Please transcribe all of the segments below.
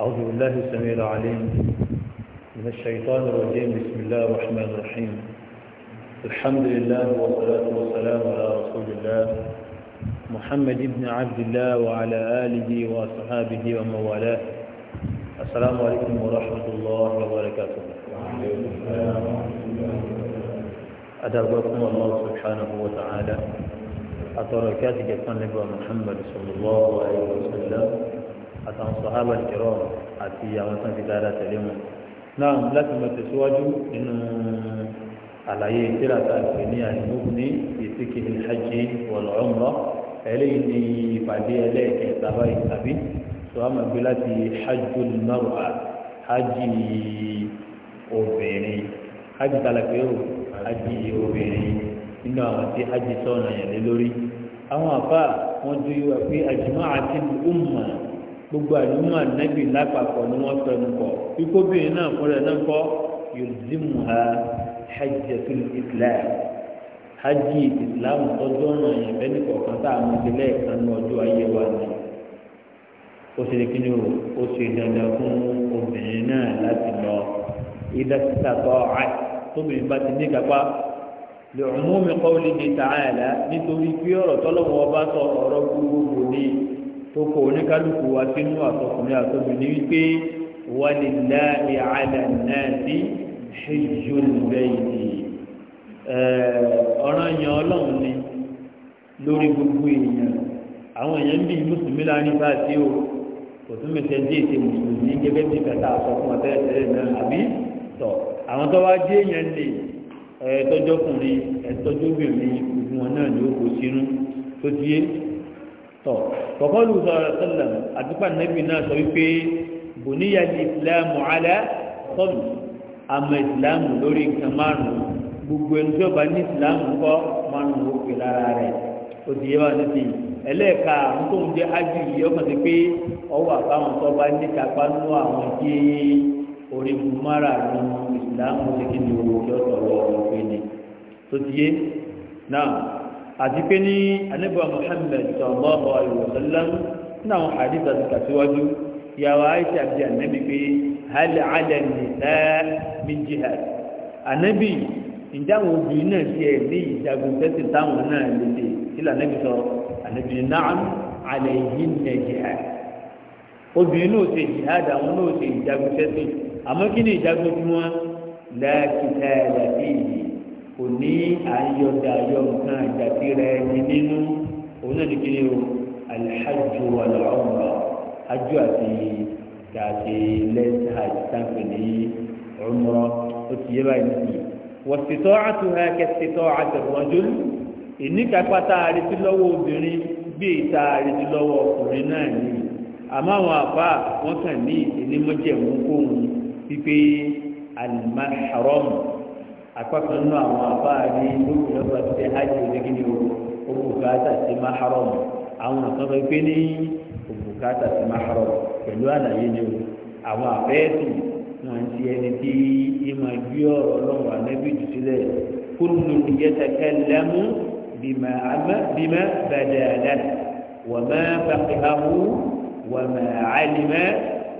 أعوذ بالله السميع العليم من الشيطان الرجيم بسم الله الرحمن الرحيم الحمد لله والصلاة والسلام على رسول الله محمد بن عبد الله وعلى آله وصحابه وموالاه السلام عليكم ورحمة الله وبركاته ورحمة الله سبحانه وتعالى أتركاتك يا محمد صلى الله عليه وسلم àtàwọn sọ̀hábà ìrọ̀ àti àwọn tó ń fi dáadáa tẹ̀lé wọn. náà láti mọ̀ tẹ̀síwájú nínú àlàyé tíráta ìpè ní àìmọ́bù ní ìsìnkì ìhajj wọ̀lọ́ọ̀mọ́ eléyìí ní ìpàdé ẹlẹ́ẹ̀kẹta báyìí tàbí sọ̀hábà gbé láti hajjul mar'a hajj obìnrin hajj talakero hajj obìnrin nínú àwọn tí hajj sọ̀nà yẹn lé lórí àwọn àbá wọn dúró wá pé àjùmọ̀ àti umma gbogbo àdúgbò ànábì lápapọ̀ ni wọ́n fẹnu kọ̀ ikóbìnrin náà fúnra ẹ̀ náà kọ́ yorùdìmù ha hajj fún islam hajj islam tọ́jú ọ̀nà yẹn bẹ́ẹ̀ ní kọ̀ọ̀kan tá a mú sílẹ̀ kan ní ayé wa ni ó ṣe kí ni ó ṣe dandan fún obìnrin náà láti lọ ilé títà tó ọ̀hán tóbìnrin bá ti ní kápá lè mú mi kọ́ lè ní tààlà nítorí pé ọ̀rọ̀ tọ́lọ́wọ́ bá sọ ọ̀rọ̀ gbogbogbò ní tó kọ oníkálukú wa sínú àtọkùnrin àtọbìnrin wípé wàlíńdá ìhàlẹ̀ náà sí ṣíjú lẹ́yìn ọ̀ràn yẹn ọlọ́run ni lórí gbogbo èèyàn àwọn èèyàn ń bí mùsùlùmí láàrin bá sí o kò tún mi sẹ́ńdí ètè mùsùlùmí gẹ́gẹ́ bí kàtà àsọ fún ọ̀tẹ́lẹ̀tẹ́lẹ̀ náà àbí tọ̀ àwọn tó wá dé èèyàn lè ẹ̀ẹ́dọ́jọ́kùnrin ẹ̀ẹ́dọ́jọ́bìnrin gbogbo wọn náà ni ó kó sínú tó ti yé tọ̀ kọ̀kọ́lù sọ̀rọ̀ sọ́lọ̀ àdúgbà nẹ́bí náà sọ wípé bòníyà di ìsìláàmù alẹ́ sọ́lù àmọ́ ìsìláàmù lórí nǹkan márùn-ún gbogbo ẹni tí ó bá ní ìsìláàmù kọ́ márùn-ún ó pè lára rẹ̀ ó ti yẹ wá níbi ẹlẹ́ẹ̀ka àwọn tó ń jẹ́ ájú yìí ọkàn ti pé ọwọ́ àbáwọn tó bá ní kápá nú àwọn tí orí mu mára nu ìsìláàmù àti pé ní anábọ̀ muhammed sallallahu alaihi wa sallam ní àwọn hadith àti kàtíwájú ìyàwó àìsí àti ànábì pé hali alẹ́ nìta min jihad ànábì ìjà àwọn obìnrin náà ti ẹ̀ ní ìjagun tẹ́sí táwọn náà lè dé sílẹ̀ ànábì sọ ànábì náà alẹ́ yìí nà jihad obìnrin náà ṣe jihad àwọn náà ṣe ìjagun tẹ́sí àmọ́ kí ni ìjagun tí wọ́n lákìtà láti yìí kò ní ayọ̀dà ayọ̀ nǹkan àjàtì rẹ̀ ní nínú òun náà ní kí ni o alihajju alahumma hajju àti kàti lẹ́sẹ̀ àti sáǹpẹ̀ ní ọmọrọ ó ti yé báyìí nìyí wọ̀sítọ́ àtúnhà kẹsítọ́ àtẹ̀wọ́njú ìníkàpá tá a retí lọ́wọ́ obìnrin bí ìta a retí lọ́wọ́ ọkùnrin náà ni àmọ́ àwọn àbá wọn kàn ní ìnímọ̀jẹ̀mú kóhun pípé alimaharam apákan nínú àwọn àbáàrí lókè lọ́gbà tó fẹ́ hajj onígi ni o bùkátà sí maharam àwọn àtọ́fẹ́ pé ní o bùkátà sí maharam pẹ̀lú àlàyé ni o àwọn àfẹ́ẹ̀sì wọn ti ẹni tí ìmọ̀ gbé ọ̀rọ̀ ọlọ́run ànábì jù sílẹ̀ kúrúnù ìyẹ́tẹ̀kẹ́ lẹ́mú bímẹ bẹ̀dẹ̀ wọ́mẹ́ bàkìhàmù wọ́mẹ́ àlìmẹ́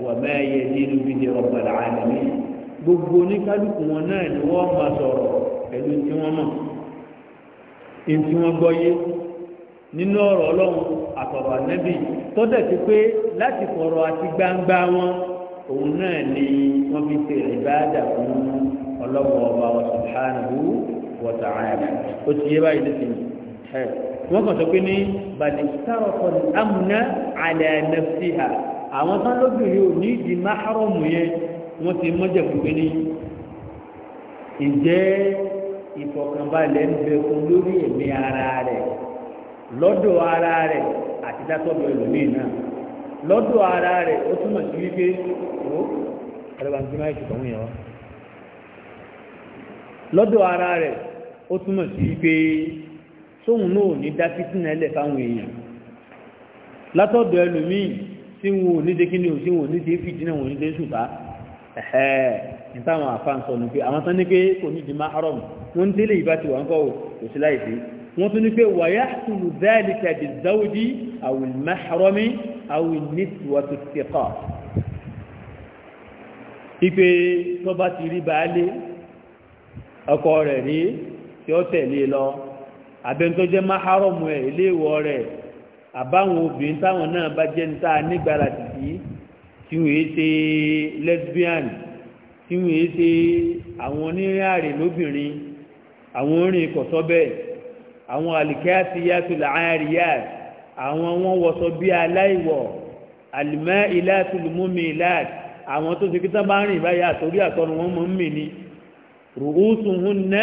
wọ́mẹ́ yẹ nínú bíi ọ̀pọ̀lọpọ̀ àlìmẹ́ gbogbo oníkálukú wọn náà ni wọ́n máa sọ̀rọ̀ pẹ̀lú tí wọ́n mọ̀ ntí wọ́n gbọ́yé nínú ọ̀rọ̀ ọlọ́run àtọ̀rọ̀ ànẹ́bì tọ́jà ti pé láti fọ̀rọ̀ àti gbangba wọn òun náà ni wọ́n fi ṣe ìbáàdà fún ọlọ́run ọba ọ̀sùnkánu wọ̀tà ààrẹ ó ti yé báyìí lè fi ẹ̀ kàn sọ pé ní bàdì sárọ̀kọ̀ amúná àlẹ́ ànẹ́fìhà àwọn tán ò ní ìdí máhárọ̀mù yẹn wọ́n ti mọ́jẹ̀kú pé ní ìjẹ́ ìfọ̀kànbalẹ̀ ń bẹ fún lórí ẹ̀mí ara rẹ̀ lọ́dọ̀ ara rẹ̀ àti dátọ́bọ̀ ẹlòmíì náà lọ́dọ̀ ara rẹ̀ ó túmọ̀ sí wípé ó ẹ̀rọ bá ń gbéra ìṣùkọ̀ ń yàn wá lọ́dọ̀ ara rẹ̀ ó túmọ̀ sí wípé sóhun náà ò ní dá fítínà ẹlẹ̀ fáwọn èèyàn látọ̀dọ̀ ẹlòmíì tí wọn ò ní dé kíni ò tí wọn ò ní dé fìdí náà wọn ò ní dé ṣùgbọ́n ẹ̀hẹ́ nítawọ̀n àfáànsọ ní pé àwọn tán ní pé kò ní di maharam wọ́n ń délé ìbá ti wà ń kọ́ kò sí láìsí wọ́n tún ní pé wàyá tùlù dáàlìkà di záwùdí àwìn maharami àwìn nítiwàtò tẹ̀kọ́ tó tí wọ́n yé ṣe lesbian tí wọ́n yé ṣe àwọn onírìn àrè lóbìnrin àwọn orin kọ̀tọ́ bẹ́ẹ̀ àwọn àlìkẹ́yàtì yàtò làárí yá àwọn wọn wọ̀sọ bí aláìwọ̀ àlìmẹ́ ilé àtúlùmọ́mì láti àwọn tó ti kíta bá rìn báyà àtòrí àtọ́nu wọn mọ̀ ń mì ní rùhùsùn hún ná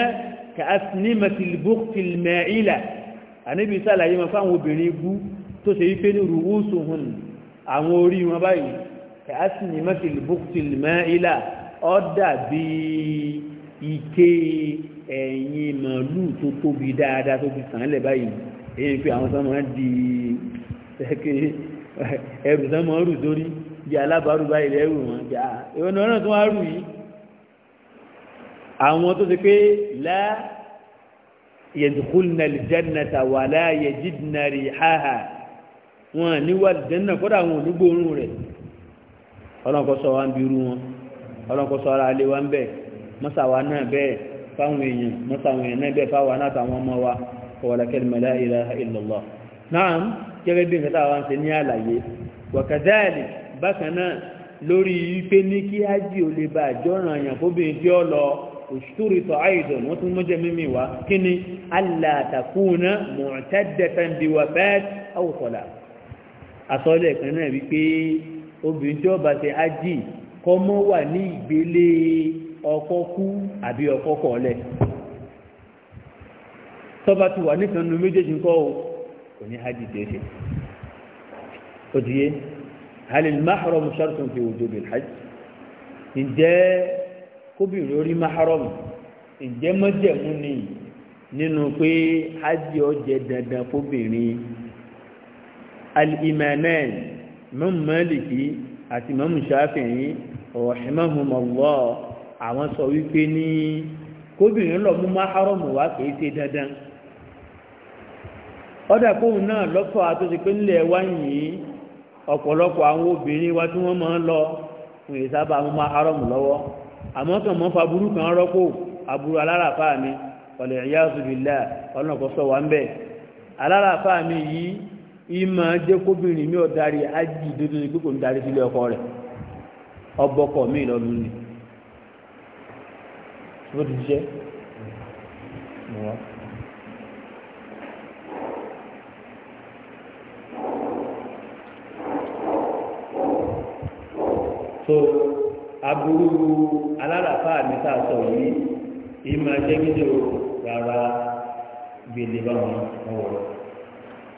ka asinimatilbuktilmẹ́ ilà àníbi sàlàyé wọn fáwọn obìnrin bú tó ṣe yí pé ní rùhùsùn hún àwọn orí wọn báyìí kàásìmì mẹ́tìlì bùkùtìlì mẹ́ìlà ó dàbí ike ẹ̀yìn màálù tó tóbi dáadáa tó fi sàn án lẹ̀ báyìí èyí pé àwọn sọ́mọ́ di ẹrù sọ́mọ́ rù sórí bí alábàárù báyìí lẹ́rù wọn jà ìwọ ni wọn náà tún wá rù yìí àwọn tó ti pé lá yẹ̀dùkúlù náà lè jẹ́ nàta wà háhà wọn níwájú jẹ́ nà kọ́dà àwọn olúgbòrún rẹ̀ ọlọ́nkọ́sọ wa ń bi irú wọn ọlọ́nkọ́sọ ara alẹ́ wa ń bẹ̀ mọ́sàwá náà bẹ́ẹ̀ fáwọn èèyàn mọ́sàwọn èèyàn náà bẹ́ẹ̀ fáwọn látàwọn ọmọ wa ọ̀wọ̀lẹ́kẹ́lẹ́mẹ́lá ilaha illallah náà gẹ́gẹ́ bí nǹkan táwọn ṣe ní àlàyé wàkàdáàlì bákan náà lórí ipe ní kí ájì ò lè bá àjọràn àyàn fóbìnrin tí ó lọ òṣìṣúrì wípé obìnrin tí ọba ṣe ájì kọ́mọ wà ní ìgbélé ọkọ kú àbí ọkọ kọ̀ọ̀lẹ̀ tọ́ba ti wà nítorí nínú méjèèjì ńkọ́ o kò ní ájì tẹ̀ ṣe ó ti yé halil mahram shartun fi wujubil hajj ǹjẹ́ kóbìnrin orí mahram ǹjẹ́ mọ́jẹ̀mú ni nínú pé ájì ọjẹ́ dandan fóbìnrin al mọ́mù mẹ́lìkì àti mọ́mù ṣáfìyìn ọ̀rọ̀ṣẹ́mọ́hùnmọ́lọ́ àwọn sọ wípé ní kóbìnrin lọ mú máhárọ̀mù wá kìí ṣe dandan ọ̀dà kóhùn náà lọ́pọ̀ àtúnṣe pé nílẹ̀ wá yìí ọ̀pọ̀lọpọ̀ àwọn obìnrin wa tí wọ́n máa ń lọ fún ìsábà mú máhárọ̀mù lọ́wọ́ àmọ́ kàn mọ́ faburú kan rọ́pò aburú aláràfáà mi ọ̀lẹ̀ ìyá ọ̀sùn ìmọ̀ jẹ́ kóbìnrin mi ò darí dúdú ni kókò ń darí sílé ọkọ rẹ̀ ọgbọkọ mi lọ́nu so aburú alálàfà mi sọ yìí ìmọ̀ jẹ́ rárá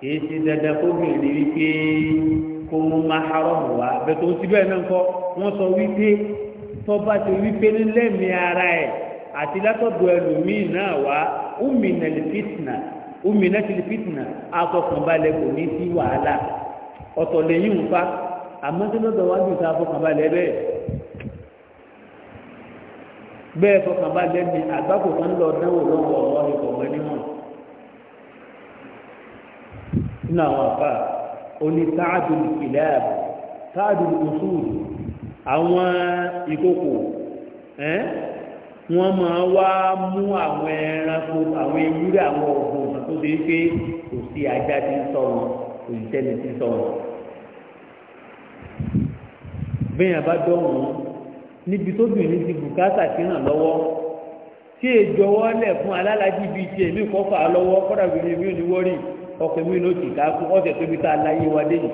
kìí ṣe dandan kóbìnrin wípé kó mú maharamu wá bẹ̀tọ̀ ó ti bẹ́ẹ̀ náà kọ́ wọ́n sọ wípé tọ́ba ti wípé nílẹ̀mí ara ẹ̀ àti látọ̀dọ̀ ẹlòmíì náà wá umina lifitna umina lifitna afọkànbalẹ̀ kò ní sí wàhálà ọ̀tọ̀ lẹ́yìn nfa àmọ́ tí lọ́dọ̀ wájú ta afọkànbalẹ̀ bẹ́ẹ̀ bẹ́ẹ̀ fọkànbalẹ̀ ni àgbákò kan lọ dánwò lọ́wọ́ ọ̀rọ̀ ìkọ̀wé níwọ̀n nínú àwọn àfà oní sáàdù ìlẹ́ẹ̀b sáàdù òṣùwù àwọn ìkókò wọ́n máa wá mú àwọn ẹranko àwọn ewúrẹ́ àwọn ọ̀gbọ̀n tó ṣe é pé kò sí ajá tí ń sọ wọn kò sí tẹ́lẹ̀ tí ń sọ wọn. bẹ́ẹ̀ bá dọ̀wọ́n níbi tó bìnrin ti bùkátà sí ràn lọ́wọ́ tí èjọwọ́ lẹ̀ fún alálàájì bíi tiẹ̀ mí kọ́ fà á lọ́wọ́ kọ́dà bìnrin mi ò ní wọ́rì. ọkọ̀ ìwé ní òtì káàkún ọ̀sẹ̀ tóbi tá a láyé wa dé yìí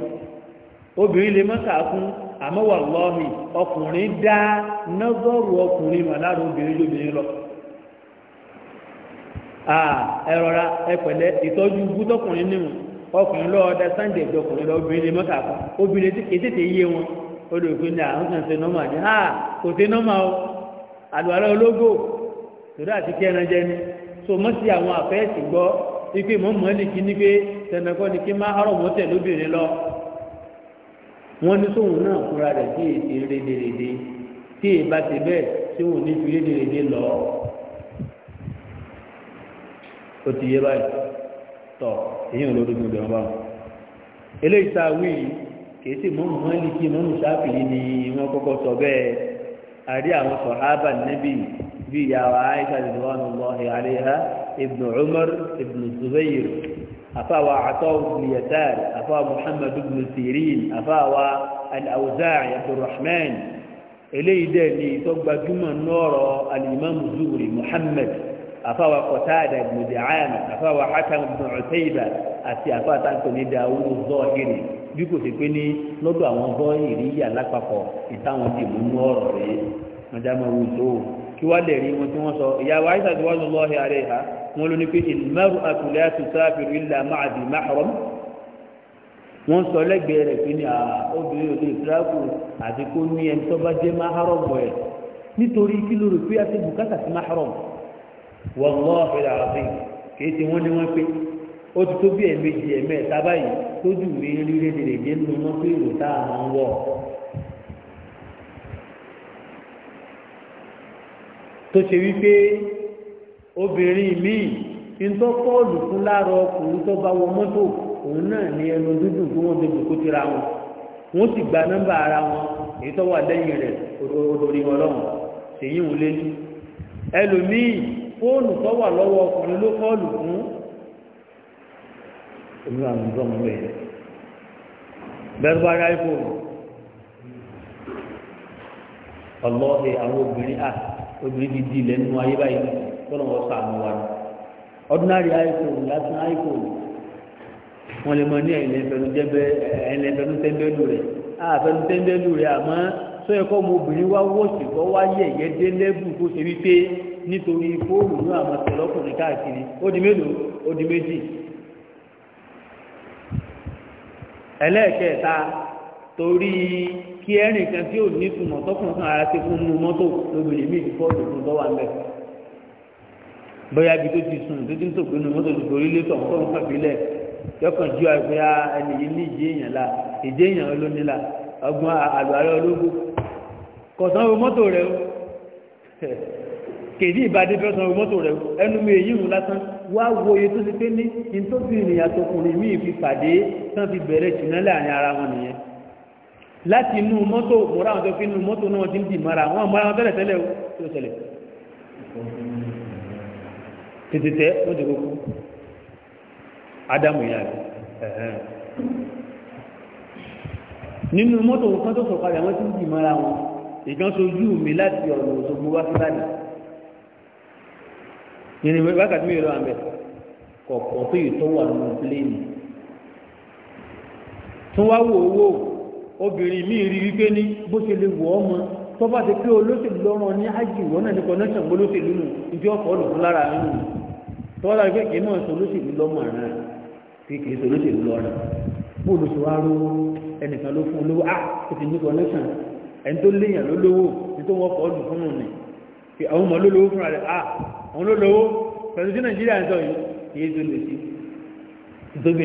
obìnrin lè má káàkún àmọ́ wà lọ́ọ̀mì ọkùnrin dá nọ́gọ́rù ọkùnrin mà láàrú obìnrin lóbìnrin lọ. ẹ rọra ẹ pẹ̀lẹ́ ìtọ́jú gbúdọ́kùnrin ọkùnrin lọ́ọ́ ẹ̀jọ̀ ọkùnrin lọ obìnrin lè má obìnrin ètètè yé wọn ní àwọn kan ṣe nọ́mà ní ha kò nọ́mà o ológo tòdó àti kí ẹran jẹ ni so ipe mọ́ mọ́lìkì ní pé tẹnẹkọ́ ni kí máa hárọ̀ mọ́tẹ̀ lóbìnrin lọ wọ́n ní sóhun náà fúra rẹ̀ tí èsì rédèrèdè tí èbá ti bẹ́ẹ̀ tí òun ní fi rédèrèdè lọ ó ti yé báyìí tọ̀ èyí ò lórí gbogbo ọba eléyìí tá a wí yìí kìí sì mọ́ mọ́lìkì mọ́ mùsáfìlì ni wọ́n kọ́kọ́ sọ bẹ́ẹ̀ àrí àwọn sọ̀hábà níbi bí ìyá wa aisha ti wà àríyá ibn umar ibn zubair afawa atau ibn yasar afawa muhammad ibn sirin afawa al-awza'i abdulrahman eléyìí dẹ̀ ni tó gbajúmọ̀ nọ́ọ̀rọ̀ alimami zuhri muhammad afawa kọtaada ibn da'an afawa hakan ibn utaiba àti afawa tanko ni dawud zọhiri bí kò sí pé ní lọ́dọ̀ àwọn zọhiri yà lápapọ̀ ìtàwọn ti mú nọ́ọ̀rọ̀ rẹ̀ mọ̀jámọ̀ wùdó kí wá lè rí wọn tí wọ́n sọ ìyàwó àìsàn tí wọ́n lọ́ọ́ wọn ló ní pé ìmọ̀rù àtúlẹ̀ àtúnṣáfìrì ńlá máa di máhàrọ̀ wọn sọ lẹ́gbẹ̀ẹ́ rẹ̀ pé ní obìnrin òde ìtìrákù àti kó ní ẹni tó bá jẹ́ máhàrọ̀ bọ̀ ẹ̀ nítorí kí ló rò pé àti bùkátà sí máhàrọ̀ wọn lọ́ ọ̀fẹ́lẹ̀ àràfin kì ti wọ́n ní wọ́n pé ó ti tó bí ẹ̀mejì ẹ̀mẹ́ta báyìí tójú mi rí rédèrèdè nínú mọ́tò èrò tá a ń wọ̀ tó ṣe wípé obìnrin míì ntọ́ pọ́ọ̀lù fún láàárọ̀ ọkùnrin tó bá wọ mọ́tò òun náà ní ẹnu dúdú tí wọ́n débi kó tira wọn wọ́n sì gba nọ́mbà ara wọn èyí tó wà lẹ́yìn rẹ̀ olórí ọlọ́run ṣèyí òun lélú ẹlòmíì fóònù tó wà lọ́wọ́ ọkùnrin ló kọ́ọ̀lù fún omi àwọn ọmọ ọmọ rẹ̀ bẹ́ẹ̀ bá ráì fóònù ọlọ́ọ̀dẹ àwọn obìnrin à obìnrin ti di ilẹ̀ nínú ayé báyìí kọ́nà wọ́n sàánú wa ni ordinary iphone lásán iphone wọ́n lè mọ ní ẹ̀lẹ́fẹ̀nutẹ́ńbẹ́lú rẹ̀ àfẹnutẹ́ńbẹ́lú rẹ̀ àmọ́ tó yẹ kọ́ ọmọ obìnrin wá wọ́ọ̀sì kọ́ wá yẹ̀yẹ́ dé lẹ́bù tó ṣe wípé nítorí fóònù ní àwọn tẹ̀lọ́kùnrin káàkiri ó di mélòó ó di méjì ẹlẹ́ẹ̀kẹta torí kí ẹ̀rìn kan tí ò ní ìtumọ̀ tọkùnrin kan ara ti fún un mọ́tò lóbìnrin míì fọ́ọ̀lù fún bọ́wà mẹ́ta bóyá ibi tó ti sùn tó ti ń tòkó inú mọ́tò tó torí lé tọ̀hún tọ̀hún kàbílẹ̀ yọkàn ju àgbẹ̀yà ah, ẹni ní ìdí èèyàn la ìdí èèyàn olóní la ọgbọ́n àlùhàrẹ ológun kọ̀sán wo mọ́tò rẹ o kèdí ìbàdí fẹ́ san wo mọ́tò rẹ o ẹnu mi èyí ń lásán wá wo iye tó ti pé ní nítòsí ìrìn àtọkùnrin míì fi pàdé tán fi bẹ̀rẹ̀ jìnnà láàrin ara wọn nìyẹn láti inú mọ́tò mọ́ra wọn tó fi inú mọ́tò náà ti ń dì mọ́ra wọn mọ́ra wọn tẹ́lẹ̀ tẹ́lẹ̀ o tó ṣẹlẹ̀ tètè tẹ ó ti kókó ádámù yẹn ẹ̀hẹ́n nínú mọ́tò kan tó sọ̀kalẹ̀ àwọn tí ń dì mọ́ra wọn ìkan sojú mi láti ọ̀nà òṣogbo wá sí láti yìnyín wákàtí mi lọ àmì kọ̀ọ̀kan tó yìí tó wà nínú pléènì tó wá wò owó obìnrin mi rí wípé ní bó ṣe lè wọ̀ ọmọ tó bá ti pé olóṣèlú lọ́rùn ní ájì ìwọ náà ní kọ́nẹ́ṣàn gbólóṣèlú nù ìjọ ọ̀pọ̀ tọ́lá ìgbé kìí mọ̀ solúṣìlú lọ́mọ̀ àrà kìí kìí solúṣìlú lọ́rọ̀ bóòlù ẹnìkan ló fún olówó ah ó ní connection ẹni tó léèyàn ló lówó ní tó wọ́n ọdún fún un kí àwọn ọmọ fúnra rẹ̀ ah àwọn lólówó pẹ̀lú tí nàìjíríà ń sọ yìí kìí solú sí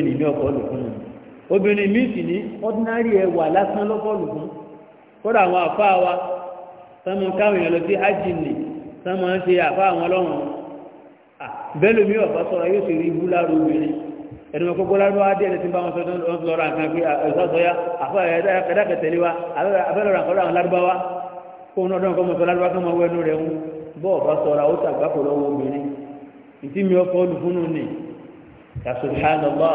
mi ọkọ̀ bẹ́ẹ̀ lómi ọ̀bá sọ̀rọ̀ yóò sì rí ibú láàrú obìnrin ẹni wọn gbogbo láàrú adé ẹni tí bá wọn sọdún wọn lọ ra nǹkan pé ọ̀sọ́sọ́yá ah, àfọ ẹ̀dákẹ̀tẹ̀lé wa abẹ́rẹ́ ra nǹkan lárúbáwá kó wọn ọdún ọkọ̀ mọ̀ sọ lárúbá kí wọn wọ ẹnu rẹ̀ ń bọ́ ọ̀bá sọ̀rọ̀ ó sàgbákò lọ́wọ́ obìnrin ìtí mi ọkọ̀ olùfúnnu nì kàṣùlùhánàlá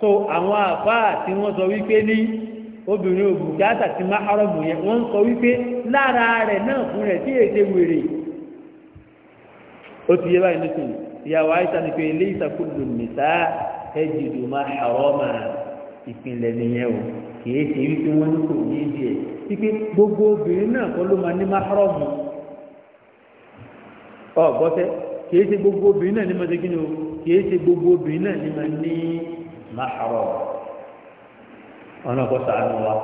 so àwọn àfá tí wọ́n sọ wípé ní obìnrin òbùkátà ti má hárọ̀mù yẹn wọ́n sọ wípé lára rẹ̀ náà fún rẹ̀ tí èdè wèrè ó ti yẹ báyìí nísìnyí ìyàwó àìsàn ni pé ilé ìsàkúlù nìta ẹ̀jìdù máa àrọ́mà ìpínlẹ̀ nìyẹn o kìí ṣe wípé wọ́n ní kò ní ìdí ẹ̀ wípé gbogbo obìnrin náà kọ́ ló máa ní máhárọ́mù ọ̀gbọ́tẹ́ kìí ṣe gbogbo obìnrin náà ní máa ṣe kíni o kìí ṣe gbogbo obìnrin náà ní máa ní máhárọ́mù ọ̀nà àkọ́sà àánú wa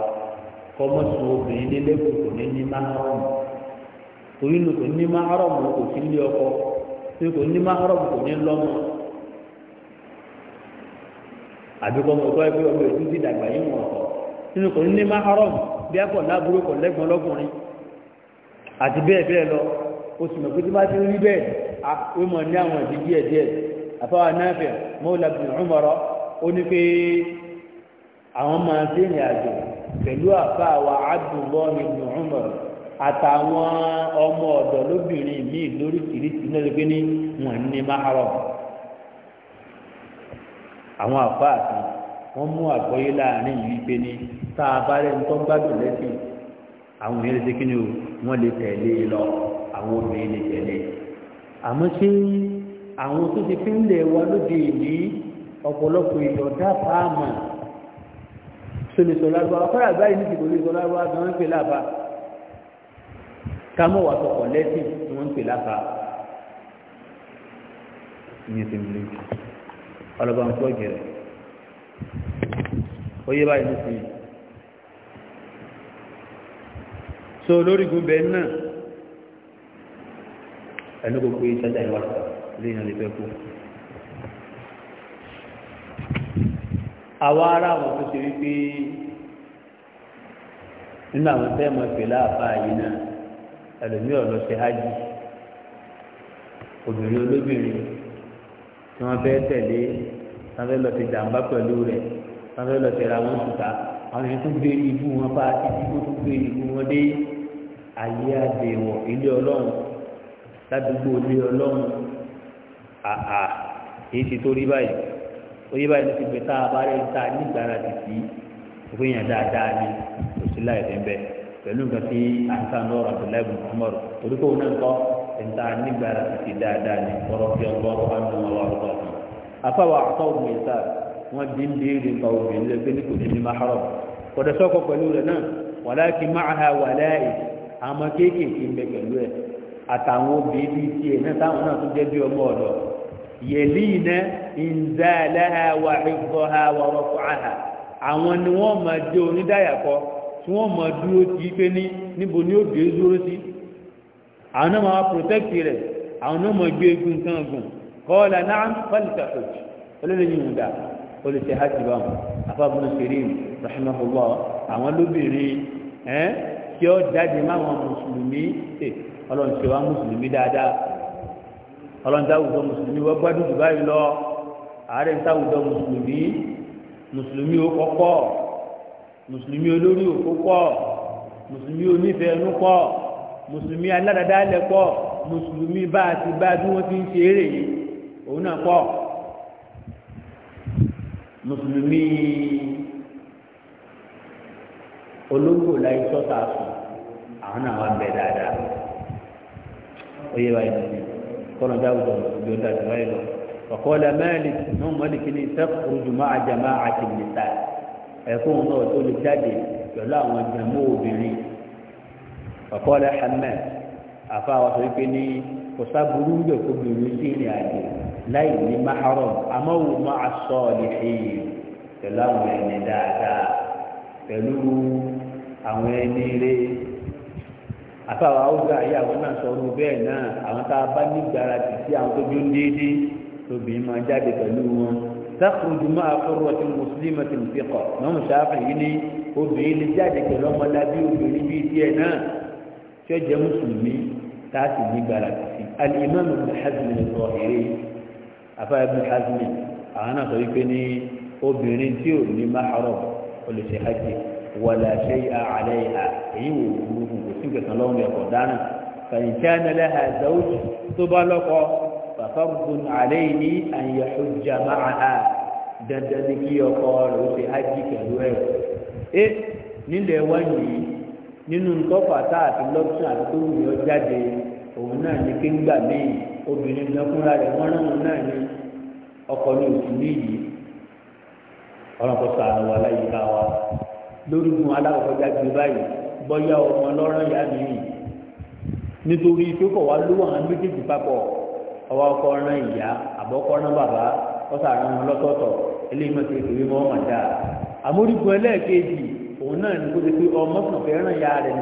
kọ́mọ́sùn obìnrin nílé kò ní ní máhárọ́mù torí nù kò ní máhárọ́mù kò sí ilé ọkọ̀ tí kò ní máhárọ̀mù kò ní lọ́mọ àbíkọ́ mọ̀ ọ̀kọ́ ẹgbẹ́ ọmọ ìlú ti dàgbà yín wọ̀ ọ̀tọ̀ nínú kò ní máhárọ̀mù bí a kọ̀ lábúrò kọ̀ lẹ́gbọ̀n lọ́kùnrin àti bẹ́ẹ̀ bẹ́ẹ̀ lọ oṣù mọ̀ pé tí bá ti rí bẹ́ẹ̀ ó mọ̀ ní àwọn ìdí díẹ̀ díẹ̀ àfáwà náàfẹ̀ mọ́wùlá bìnrin ọmọrọ ó ní pé àwọn máa ń sí àjò pẹ̀lú àfáwà àdùnbọ́ ní bìnrin ọmọrọ àtàwọn ọmọ ọ̀dọ́ lóbìnrin míì lóríṣiríṣi náà lóbi ní wọn ní máhárọ̀ àwọn àpá àti wọn mú àgbọ́yé láàrin yìí pé ní tá a bá rẹ̀ ń gbádùn lẹ́sìn àwọn èèyàn lè kí ni o wọ́n lè tẹ̀lé e lọ àwọn obìnrin lè tẹ̀lé e àmọ́ ṣé àwọn tó ti fi ń lẹ̀ wá lóde ìní ọ̀pọ̀lọpọ̀ èèyàn dábàá àmọ̀ sọlẹ̀sọ̀lá wa fẹ́rẹ̀ àgbáyé ní ìdìbò lè sọ lárúbá gan-an pè lábàá kámọ́ wà tó kọ̀ lẹ́sìn tí wọ́n ń pè láfa ìyẹn ti mìíràn ọlọ́ba ń tọ́jú rẹ̀ ó yé báyìí ló fi so lórí gúnbẹ̀ náà ẹnu gbogbo ìṣẹ́jà ìwàlùkà léèyàn lè fẹ́ kú àwọn ará àwọn tó ṣe wípé nínú àwọn tẹ́ẹ̀mọ̀ pẹ̀lú àbá yìí náà ẹlòmíì ọ̀lọ́ ṣe hájì obìnrin olóbìnrin tí wọ́n fẹ́ tẹ̀lé wọ́n fẹ́ lọ ti jàǹbá pẹ̀lú rẹ̀ wọ́n fẹ́ lọ tẹ̀ra wọn sùtà àwọn èèyàn tó gbé ibú wọn bá títí tó tó gbé ibú wọn dé ayé àdéhùn ilé ọlọ́run ládùúgbò ilé ọlọ́run àhà èyí ti tó rí báyìí oyè báyìí ló ti gbé tá a bá rẹ̀ ń ta nígbàrá títí òfin yàn dáadáa ni òsínláì fẹ́ bẹ́ẹ̀ pẹ̀lú nǹkan tí àǹtàn lọ́rọ̀ abdullahi bin umar orúkọ òun náà kọ́ ẹ̀ǹtà nígbà títí dáadáa ní ọ̀rọ̀ fi ọgbọ́ ọba ń dùn ọwọ́ ọgbọ́ kan. afáwọ̀ àtọ́ òun yìí sáà wọ́n di ń béèrè nípa obìnrin lé pé ní kò ní ní maharam kọ̀dọ̀ sọ́kọ̀ pẹ̀lú rẹ̀ náà wàláàkì máa wàláàì àmọ́ kéékèèké ń bẹ pẹ̀lú ẹ̀ àtàwọn obìnrin bíi àwọn ni wọ́n máa jẹ́ onídàyàkọ́ tí wọ́n mọ̀ dúró ti pé ní níbo ni ó dé dúró sí àwọn ọmọ protect rẹ̀ àwọn náà gbé egun kan gùn kọ́ọ̀lá náà fọ́lìtà òjì olóòlù yìí ń dà olùsẹ̀ hajj afábùnú sẹ́rìn àwọn lóbìnrin kí ọ jáde máwọn mùsùlùmí ṣe ọlọ́run ṣe wá mùsùlùmí dáadáa ọlọ́run mùsùlùmí wọ́n gbádùn lọ ààrẹ mùsùlùmí mùsùlùmí ó mùsùlùmí olórí òkú pọ̀ mùsùlùmí onífẹ̀ẹ́ ẹnu pọ̀ mùsùlùmí aládàdálẹ̀ pọ̀ mùsùlùmí bá a ti bá bí wọ́n ti ń ṣe eré yìí òun náà pọ̀ mùsùlùmí olóńgbò láì sọ́ta sùn àwọn náà wà bẹ̀ dáadáa ó yẹ wáyé nìyẹn kọ́nà dáwùjọ mùsùlùmí ó dájú wáyé lọ ọ̀kọ́ ọ̀la mẹ́rin ní wọ́n mọ̀ sẹ́kù jùmọ́ àjàmá àti nìsáyà ẹ̀kọ́ náà tó lè jáde pẹ̀lú àwọn ìgbìmọ̀ obìnrin ọ̀kọ́lẹ̀ hamẹ́ àfa àwọn sọ wípé ní kò sábúrú ń jòkó obìnrin sí ìrìn àjò láì ní máhárọ̀ àmọ́wò máa sọ ọ̀lẹ́hìn pẹ̀lú àwọn ẹni dáadáa pẹ̀lú àwọn ẹni rẹ̀ àfàwọn awúgbà yìí àwọn náà sọ̀rọ̀ bẹ́ẹ̀ náà àwọn tá a bá nígbàrà tì sí àwọn tó dún déédéé tóbi máa jáde pẹ̀lú wọn. تخرج مع قرة مسلمة ثقة نعم شافعي ni obìnrin lè jáde pẹ̀lú ọmọlábí obìnrin bíi tiẹ̀ náà tí ó jẹ́ mùsùlùmí tá a sì ní gbàrà sí alimami muhammed ọ̀hẹ́rẹ́ afáyà muhammed àwọn náà sọ wípé ní obìnrin tí ò ní maharam olùsè hajj wàlà ṣe àlẹ́ ìhà èyí wò burúkú kò sí nǹkan lọ́wọ́ ní ọkọ̀ dáná fàyìntì ànálẹ́ àzáwùjì tó bá lọ́kọ̀ọ́ fàfàgùn àlẹ́ yìí ní àyẹ̀fọ́ jàmá àhà dandan ní kí ọkọ rẹ̀ ó ṣe ájì pẹ̀lú ẹ̀. ẹ nílẹ̀ wáyé nínú nkọ́fà tá a ti lọ́sùn àti tó wù yọ jáde òun náà ní kí ń gbà míì obìnrin lọ́kùnrin rẹ̀ wọ́n rán òun náà ní ọkọ ní òsì níyì ọlọ́kọ̀ sàánù wa láyé ká wa lórí gun aláwọ̀ jáde báyìí bọ́yá ọmọ ọlọ́rọ̀ yá mi nítorí pé kọ̀ wá lówó àwọn méjèèjì papọ̀ ọwọ́ ọkọ ọ̀rán ìyá àbọ̀kọ́ ọ̀rán bàbá ọ̀sà àrùn wọn lọ́tọ̀ọ̀tọ̀ eléyìí mọ̀ sí ìwé wọn mà dáa àmórígun ẹlẹ́ẹ̀kejì òun náà ní kó ti pé ọmọ kan fẹ́ràn ya rẹ̀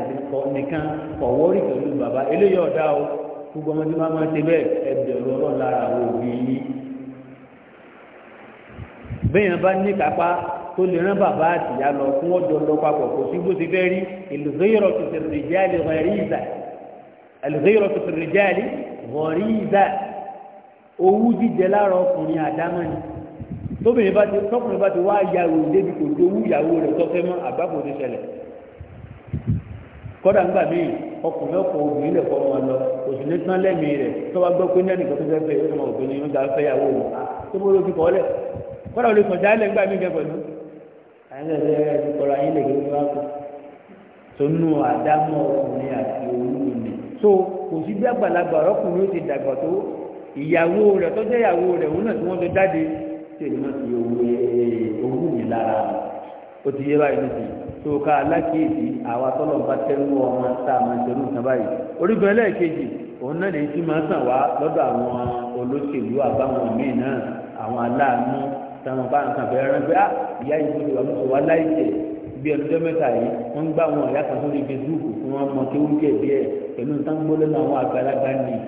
nìkan ọ̀wọ́ rí pẹ̀lú bàbá eléyìí ọ̀dà o gbogbo ọmọdé máa máa ṣe bẹ́ẹ̀ ẹ̀bẹ̀rù ọlọ́run lára àwọn òbí yìí bẹ́ẹ̀ bá ní kápá tó lè rán bàbá àtìyá lọ fún ọjọ́ lọ papọ̀ kò sí bó ti fẹ́ rí ìlúzẹ́yọ̀rọ̀ tó ti rìjáde rẹ̀ rí ìzà ìlúzẹ́yọ̀rọ̀ tó ti rìjáde rẹ̀ rí ìzà owú jíjẹ lára ọkùnrin àdámọ́ ni tóbìnrin bá ti tọkùnrin bá ti wá ya ìwò débi kò tó owú ìyàwó rẹ̀ tọ́fẹ́ mọ́ àgbákò ti ṣẹlẹ̀ kọ́dà ńgbà míì ọkùnrin ọkọ̀ obìnrin lẹ̀kọ́ wọn lọ òsì ní tán lẹ́mìí rẹ̀ tó gbọ́ pé nẹ́ẹ̀nì kan tó fẹ́ fẹ́ yóò mọ ni yóò dá fẹ́ yàwó wọn ah, tó bó ló fi kọ́ lẹ̀ kọ́dà olè kàn já lẹ̀ ńgbà míì kẹ́ pẹ̀lú àyẹ̀lẹ̀ rẹ̀ ti kọ́ra yín lè gbé so kò sí bí àgbàlagbà ọkùnrin ó ti dàgbà tó ìyàwó rẹ̀ tọ́jú ìyàwó rẹ̀ òun náà tí wọ́n jọ jáde tí èmi náà ti owó mi lára ó ti yé báyìí nìyí tó ká alákèéjì àwa tọ́lọ̀ bá tẹ́rù ọmọ tá a máa ń tẹ́rù nǹkan báyìí orígun ẹlẹ́ẹ̀kejì òun náà lè ti máa tàn wá lọ́dọ̀ àwọn olóṣèlú àbáwọn míì náà àwọn aláàánú táwọn bá nǹkan fẹ́ rán pé á ah, ìyá ìbò ti wà lóṣù wá láìsẹ̀ bí ẹnudọ́ mẹ́ta yìí wọ́n ń gbá àwọn ọ̀yá kan sórí facebook fún wọn mọ kéwúkẹ́ díẹ̀ pẹ̀lú táwọn gbólẹ́ náà àwọn àgbàlagbà nìyí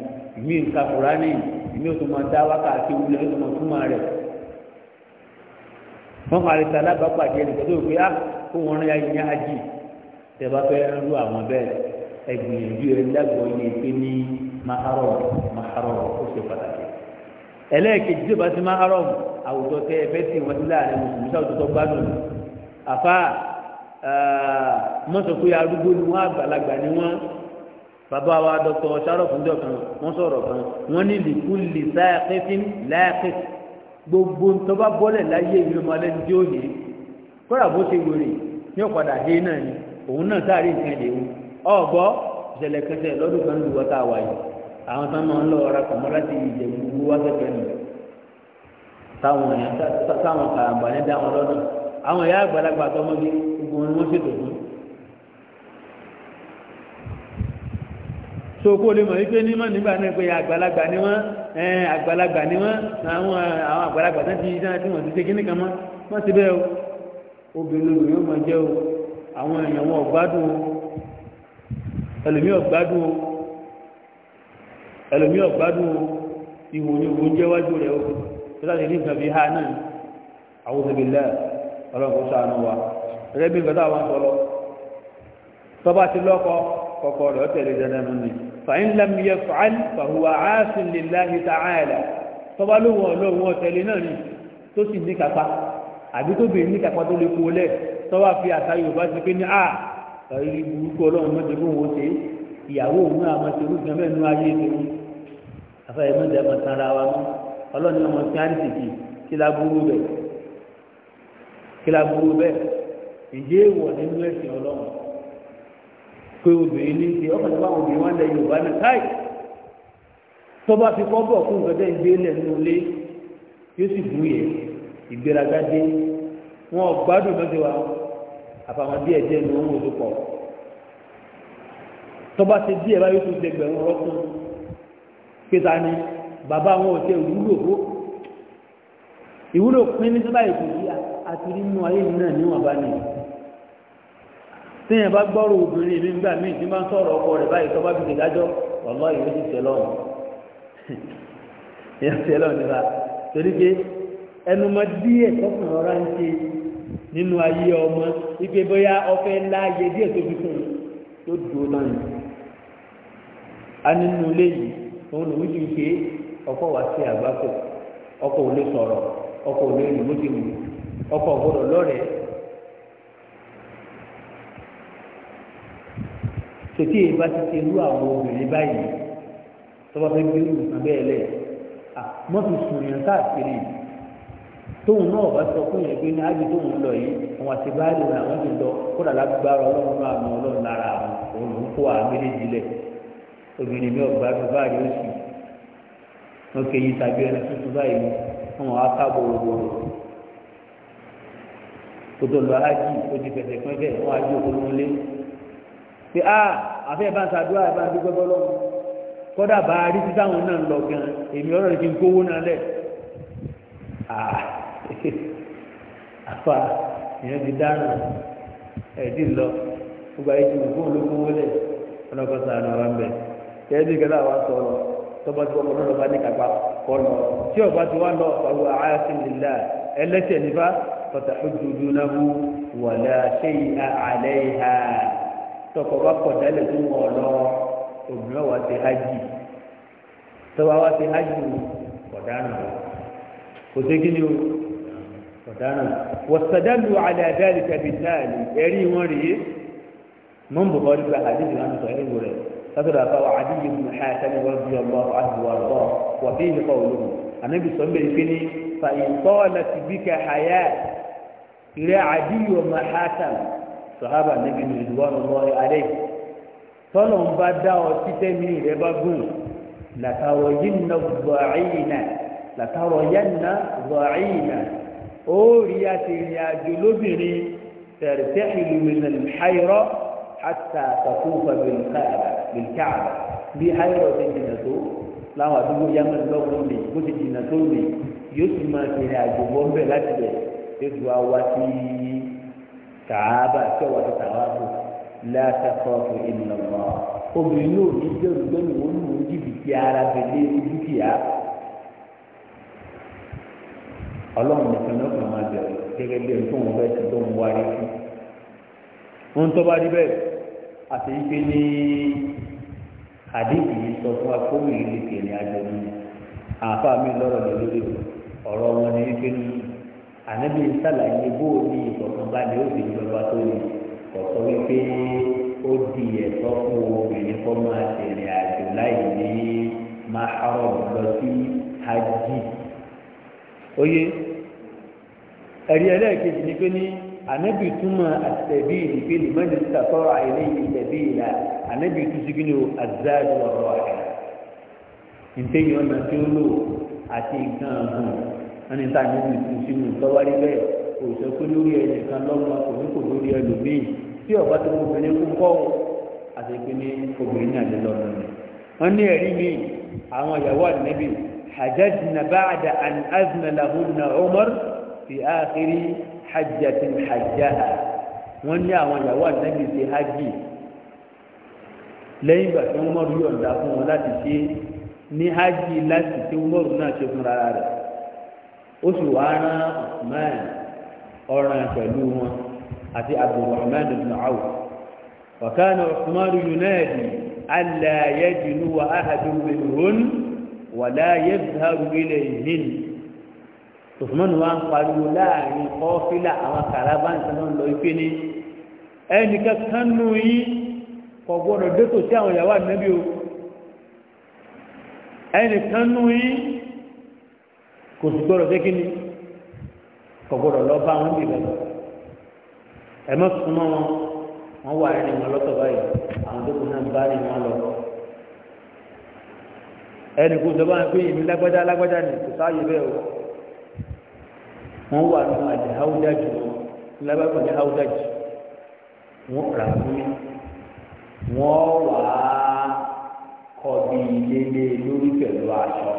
ìmí nǹka kùránì ìmí ò tó máa dá wákàtí wúlẹ̀ ó tó máa túmọ̀ rẹ̀ wọ́n máa rí sálá bá pàdé ẹnìkan tó fi á ah, kó wọn rìn ayé ní ájì tẹ bá fẹ́ rú àwọn bẹ́ẹ̀ ẹgbìyànjú ẹ lágbọ̀ọ́ yẹ pé ní maharọ̀ maharọ̀ ó ṣe pàtàkì ẹlẹ́ẹ̀kejì tó bá ti maharọ̀ àwùjọ tẹ ẹ fẹ́ sí wọn sí láàrin mùsùlùmí sáwùjọ tó gbádùn àfa mọ́sọ̀kúyà arúgbó ni wọ́n àgbàlagbà ni wọ́n bàbá wa dr sharofundọ kan wọn sọ̀rọ̀ kan wọn ní lìkúlì sáàkẹfín láàkẹf gbogbo ntọ́ba bọ́lẹ̀ láyé ìlú malẹ́ni tí ó yìí kọ́ra bó ṣe wèrè ní ọ̀padà dé náà ni òun náà sáré nǹkan lè wù ọ̀gbọ́ ìṣẹ̀lẹ̀ kẹsẹ̀ lọ́dún kan lù wọ́tà wà yìí àwọn tán máa ń lọ ọ̀rá kọ̀mọ́ láti ìjẹ̀ gbogbo wá sẹ́kẹ̀ nù táwọn karambà ní dáwọn lọ́dún àwọn ìyá àgbàlagbà tọmọdé gbogbo wọn ṣètò fún so kó lè mọ̀ wípé nímọ̀ nígbà náà pé àgbàlagbà ni wọ́n àgbàlagbà ni wọ́n àwọn àwọn àgbàlagbà náà ti dáná tí wọ́n ti ṣe mọ́ o obìnrin mọ̀ o àwọn èèyàn wọn ọ̀gbádùn o ẹlòmí ọ̀gbádùn o ẹlòmí ọ̀gbádùn o ìwò ni òun jẹ́ o tó láti ní nǹkan ha náà àwọn òṣèlú ọlọ́run kò bí nǹkan sọ lọ tọ́ba ti lọ́kọ fàyín lam yaf'al fàhùwà áásùn lillahi ta'ala tọ́ba ló wọ̀ lọ́wọ́ tẹ̀lé náà ni tó sì ní kápá àbí tó bèèrè ní kápá tó lè kó lẹ̀ tọ́wọ́ fi àṣà yorùbá ti pé ní a ìrì burúkú ọlọ́run mọ́tò fún òun ṣe ìyàwó òun náà máa ṣe orúkọ mẹ́nu ayé ìṣòro afẹ́yẹ mọ́tò ẹ̀ máa ara wa ọlọ́run ọmọ tí a ń tìkì kí la burú bẹ́ẹ̀ kí la nínú ẹ̀sìn ọlọ́run pé obìnrin ní ti ọkọ̀ nípa obìnrin wọn lẹ yorùbá náà káì tó bá fi kọ́bọ̀ fún ìgbẹ́dẹ́ ìgbé lẹ̀ nínú ilé yóò sì bú yẹ ìgbéraga dé wọn gbádùn lọ́dẹ wa àfàwọn díẹ̀ díẹ̀ ni wọ́n wò ló pọ̀ tó bá ti díẹ̀ báyìí tó ti gbẹ̀rún rọ́kùn pé ni bàbá wọn ò tẹ ìwúlò kó ìwúlò pín ní sábà ìkùsí àti nínú ayé náà níwọ̀n bá nìyẹn. téèyàn bá gbọ́rọ̀ obìnrin mi nígbà míì tí máa ń sọ̀rọ̀ ọkọ rẹ̀ báyìí tó bá fi ìdájọ́ ọ̀lọ́ ìwé ti tẹ̀ lọ́rùn ìyá tẹ̀ lọ́rùn nípa torí pé díẹ̀ ọ̀rá ń ṣe nínú ayé ọmọ ipe bóyá ọfẹ́ ńlá ayé díẹ̀ tó fi fún un tó a nínú ilé yìí òun lòún wá sètí èyí bá ti ti irú àwọn obìnrin báyìí tọ́ba fẹ́ gbé irú nǹkan bẹ́ẹ̀ lẹ̀ mọ́tò sùnìyàn káàkiri tóun náà bá sọ fún yẹn pé ní ájú tóun lọ yìí àwọn àti báyìí ní àwọn ti lọ kódà lágbára ọlọ́run náà àmọ́ ọlọ́run lára àwọn òun kó àmìlẹ̀ jílẹ̀ obìnrin mi ọ̀gbá mi báyìí ó sì wọ́n ké yín tàbí ẹni tuntun báyìí wọn á ká bòròbòrò kótó lọ ájì ó ti fẹsẹ̀ pẹ́fẹ́ wọn á jó olóńlé pé áà. Ah, àfẹ́ bá ń sàdúrà bá ń dúpẹ́ bọ́lọ́mù kọ́dà bá a rí sí táwọn náà ń lọ gan èmi ọ̀rọ̀ rẹ̀ kí n kówó náà lẹ̀ àfa ìyẹn ti dáná ẹ̀dín lọ gbogbo ayé ti wù fún olókòwò lẹ̀ ọlọ́kọ̀ sàánù wa ń bẹ̀ kẹ́ẹ́dì kẹ́lá wa sọ̀rọ̀ tọ́ba tí ọmọ náà ní kápá kọ́ lọ tí ọba tí wà lọ pàrọ̀ àyàfi nìlá ẹlẹ́sẹ̀ nípa pàtàkì dúdú náà wù tọkọ bá kọ̀ dálẹ̀ tó wọ̀ lọ obìnrin wa ti hajj tọba wa ti hajj ọ̀daràn kò sí kí ni o ọ̀daràn wọ́sàdánù àdàdàlì kàbíntàlì ẹ̀rí wọn rèé mọ́n bọ̀bọ̀ nígbà àdìsí náà sọ ẹ̀rù rẹ̀ sátọ̀dọ̀ àfáwọ̀ àdìyẹ mú hàtàlì wọn bí ọgbà àdìwà ọgbà wà fi ìlú kọ̀ olóhùn ànábì sọ mbẹ́rẹ́ fi ni fàyìntọ́ láti bí ká hayá ìrẹ́ àdìyẹ mú hàtàlì sọ̀hábà níbi ìdùnnú lọ́wọ́ alẹ́ tọ́lọ̀ ń bá dá ọ títẹ́ mi rẹ bá gùn làtàwọ̀ yìí nà gbọ̀ọ́yìnà làtàwọ̀ yẹn nà gbọ̀ọ́yìnà ó rí àtìrìn àjò lóbìnrin tẹ̀rẹ̀tẹ̀ ìlú mìíràn háyọ̀rọ̀ hàtà tàkùnfà bìlkàbà bí háyọ̀rọ̀ ti jìnà tó láwọn àdúgbò yàmà lọ́wọ́ mi bó ti jìnà tó mi yóò sì máa tẹ̀rẹ̀ àjò bọ́ ń láti bẹ̀ tààbà tí ọwọ́ ti tàwa bò látàkọ́fù ìnàmọ́ obìnrin náà ní gbẹ̀rùgbẹ̀rù wọn lù ú jìbìtì ara bẹ̀lẹ́ dúkìá ọlọ́run nìkan náà kàn máa bẹ̀rẹ̀ gẹ́gẹ́ bí ẹni tó ń bẹ́ẹ̀ ti tó ń wárí fún un tó bá rí bẹ́ẹ̀ àti ike ní àdéhùn yìí sọ fún akówó ìrìlẹ̀kẹ̀ ní àjọ nínú àáfàá mi lọ́rọ̀ lórí ọ̀rọ̀ wọn ní ike nínú. ànábì ń sàlàyé bóòlì ìfọ̀kànbalẹ̀ ó di ìjọba tó lè kọ̀tọ́ wípé ó di ẹ̀tọ́ fún obìnrin kó máa tẹ̀lé àjò láì ní mahram lọ sí hajj ẹ̀rí ẹlẹ́ẹ̀kejì ni pé ní ànábì túmọ̀ àtẹ̀bí ìdíkẹ́ ní mẹ́jọsítà sọ̀rọ̀ àìlẹ́yìn ìtẹ̀bí ìlà ànábì tún kí ni o àzáàdù ọ̀rọ̀ àyà ìtẹ̀yìn ọ̀nà tí ó lò àti wọn ní táwọn ìlú ìsinmi ìtọ́wárí bẹ́ẹ̀ òṣèlú kó lórí ẹnìkan lọ́mọ òní kò lórí ẹlòmíì tí ọba tó mú obìnrin kú kọ́ àti pé ní obìnrin náà lè lọ́nà rẹ̀ wọ́n ní ẹ̀rí mi àwọn ìyàwó àdínẹ́bì hajjaj na báàdà an azna lahun na umar fi áàkiri hajjatin hajjaha wọ́n ní àwọn ìyàwó àdínẹ́bì ti hajj lẹ́yìn ìgbà tí umar yọ̀ǹda fún wọn láti ṣe ní hajj láti ṣe umar náà ṣe fúnra rẹ̀ ó sì wá rán usman ọ̀ràn pẹ̀lú wọn àti abdulrahman ibn awf wakana usman yunadi ala yajinu wa ahadun minhun wàlá yẹ́bùhárù ilẹ̀ ìhìn usman wa ń pariwo láàrin kọfílà àwọn kàràbáǹtì náà lọ ipe ni ẹnìkan kan nù yín kò gbọdọ̀ dótò sí àwọn ìyàwó ànábì o ẹnìkan nù yín kò sì gbọ́dọ̀ sí kíni kò gbọ́dọ̀ lọ bá wọn bìbẹ̀ ẹ wọn wà ní wọn lọ́tọ̀ báyìí àwọn tó kù náà bá ní wọn lọ ẹnì kò sọ báyìí pé èmi lágbájá lágbájá ni kò sáàyè bẹ́ẹ̀ o wà ní àjẹ áwùjájú wọn ní áwùjájú wà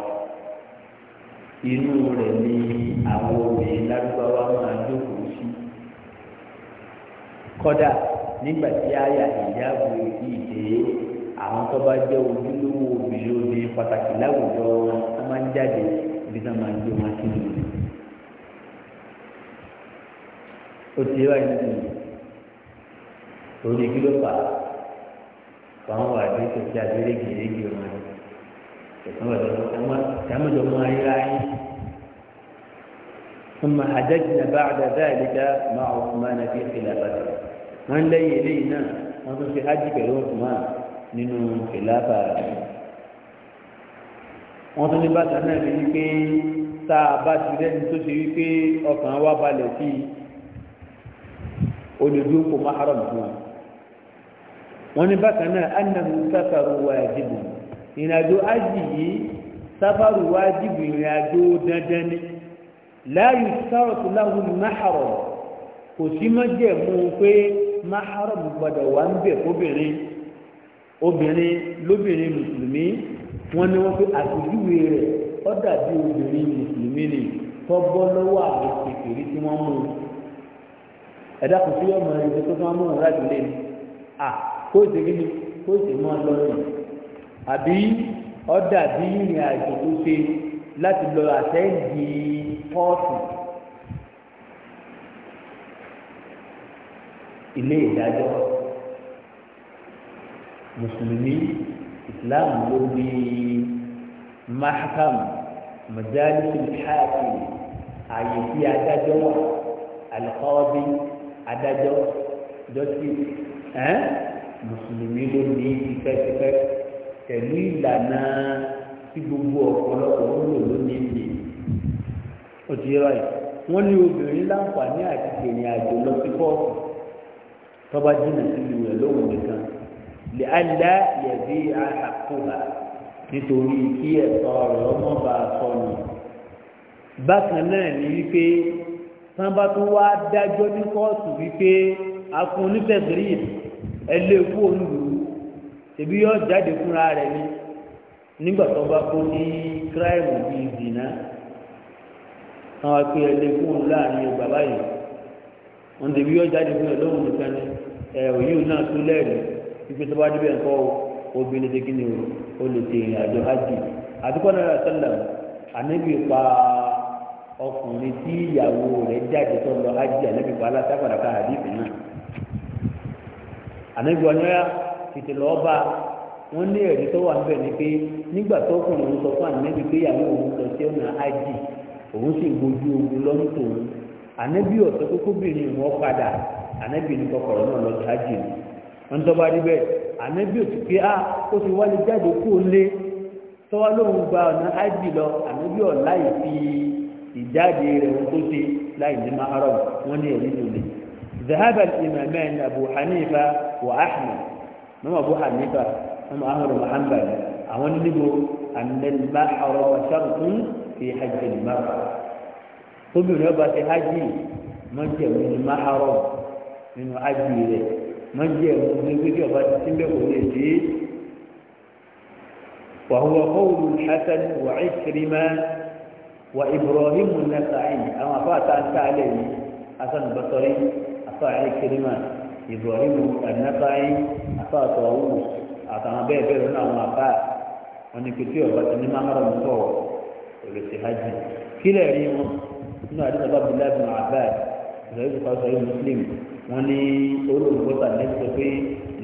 á inú rẹ̀ ni àwọn obìnrin lárúbáwá máa jókòó sí. kọ́dà nígbà tí àyà ìyáàbò ìdè àwọn tó bá jẹ́ ojúlówó obìnrin obìnrin pàtàkì láwùjọ wọn a máa ń jáde bí wọ́n máa ń gbé wọn sí ìlú. ó ti wá ìlú orí kí ló fà á fàwọn wà ní tòkí abẹ́rẹ́ gèrègè wọn كما جمعي ثم حججنا بعد ذلك مع عثمان في خلافته من لي لينا ومن في حج عثمان من خلافة wọ́n tún ní bàtà náà ní wípé tá a bá ti rẹ́ni tó ṣe wípé ọkàn wa balẹ̀ sí olùdó kò má haram fún wa wọ́n ní bàtà náà anahu sáfàrù wà jìbùn ìrìnàjò ájì yìí sáfàrù wájìbù ìrìnàjò dandan ni láàyè sáròtù láwùn máhàrọ̀ kò sí pé máhàrọ̀ gbọ́dọ̀ wà ń bẹ̀ fóbìnrin obìnrin lóbìnrin mùsùlùmí wọn ni wọn fi àpèjúwe rẹ obìnrin mùsùlùmí ni tọgbọ lọ́wọ́ àwọn kékeré tí wọn mú un à àbí ọ̀dà bí ìrìn àjò tó ṣe láti lọ àtẹ́ǹdì kóòtù ilé ìdájọ́ mùsùlùmí islam ló ní mahakam majalisi haaki ààyè tí adájọ́ wà alikọ́ọ́bí adájọ́ dọ́tí ẹ́ mùsùlùmí ló ní ìfẹ́sífẹ́ pẹ̀lú ìlànà tí gbogbo ọ̀pọ̀lọpọ̀ ń lò lónìí nì ó ti rọ yìí wọ́n ní obìnrin láǹfààní àti ìrìn àjò lọ sí pọ́ọ̀tù tọ́ba jìnnà sí ìlú rẹ̀ lóhùn nìkan lè àdá yẹ̀dí àkàkùnà nítorí kí ẹ̀tọ́ rẹ̀ ọmọ bá a sọnù bákan náà ní wípé sábà tó wá dájọ́ ní kóòtù wípé a fún onífẹ̀sìrì ẹlẹ́kùn e olùdó ṣèbí yóò jáde fúnra rẹ̀ ni nígbà tó bá kó ní kíráìmù bíi ìdìnnà àwọn akpé ẹlẹ fún òun láàrin bàbá yìí wọn dèbí yóò jáde fún ẹ lóhùn nìkan ni ẹ òyìn náà tún lẹ́ẹ̀rí ibi tó bá débẹ̀ ńkọ́ obìnrin tó kíni o ó lè ṣe ìrìn àjò hajj àdúgbò náírà sẹ́lẹ̀ ànábì pa ọkùnrin tí ìyàwó rẹ̀ jáde tó lọ hajj ànábì pa aláṣà padà ká àdìbì náà ànábì wọn yóò yá tètè lọ́ọ́ bá wọ́n ní ẹ̀rí tó wà níbẹ̀ ni pé nígbà tó kùn òun sọ fún ànábì pé ìyàwó òun lọ sí ọ̀nà ájì òun sì gbojú ogun lọ́nù tòun ànábì ọ̀sẹ̀ kókóbìnrin wọn padà ànábì ní kọkọ̀rọ̀ náà lọ sí ájì ni wọ́n tọ́ bá níbẹ̀ ànábì òsì pé a ah, ó ti wálé jáde kó lé tọ́wọ́ lóun gba ọ̀nà ájì lọ ànábì ọ̀la ìfi ìjáde rẹ̀ wọn tó ṣe láì ní maharam wọ́n ní ẹ̀rí nìyẹn zahabal imamẹ́ni abu hanifa wa ahmed mọ́mọ́ abu hanifa mọ́mọ́ ahmed muhammed àwọn níbo anẹ́lá ọ̀rọ̀ ṣàkùn fi hajj mara tóbìnrin ọba ti hajj mọ́jẹ̀ mi ni máhàrọ̀ nínú hajj rẹ̀ mọ́jẹ̀ mi ni gbẹ́gbẹ́ ọba ti síbẹ̀ kò lè dé. وهو قول الحسن وعكرمة وإبراهيم النسائي أما فات أنت عليه حسن البصري أفا عكرمة إبراهيم النسائي àfa àtọ̀wù àtàwọn bẹ́ẹ̀ bẹ́ẹ̀ lọ́nà àwọn àbá wọn ni pé tí ọba ti ní mámọ́rọ̀ ń tọ̀ òrèsè hajj kílẹ̀ rí wọn nínú àdúgbò bá bí lábùn àbá ìrẹ̀lẹ́ ìfọ̀ sọ̀rọ̀ muslim wọn ní olùkọ́ta lẹ́sọ̀ pé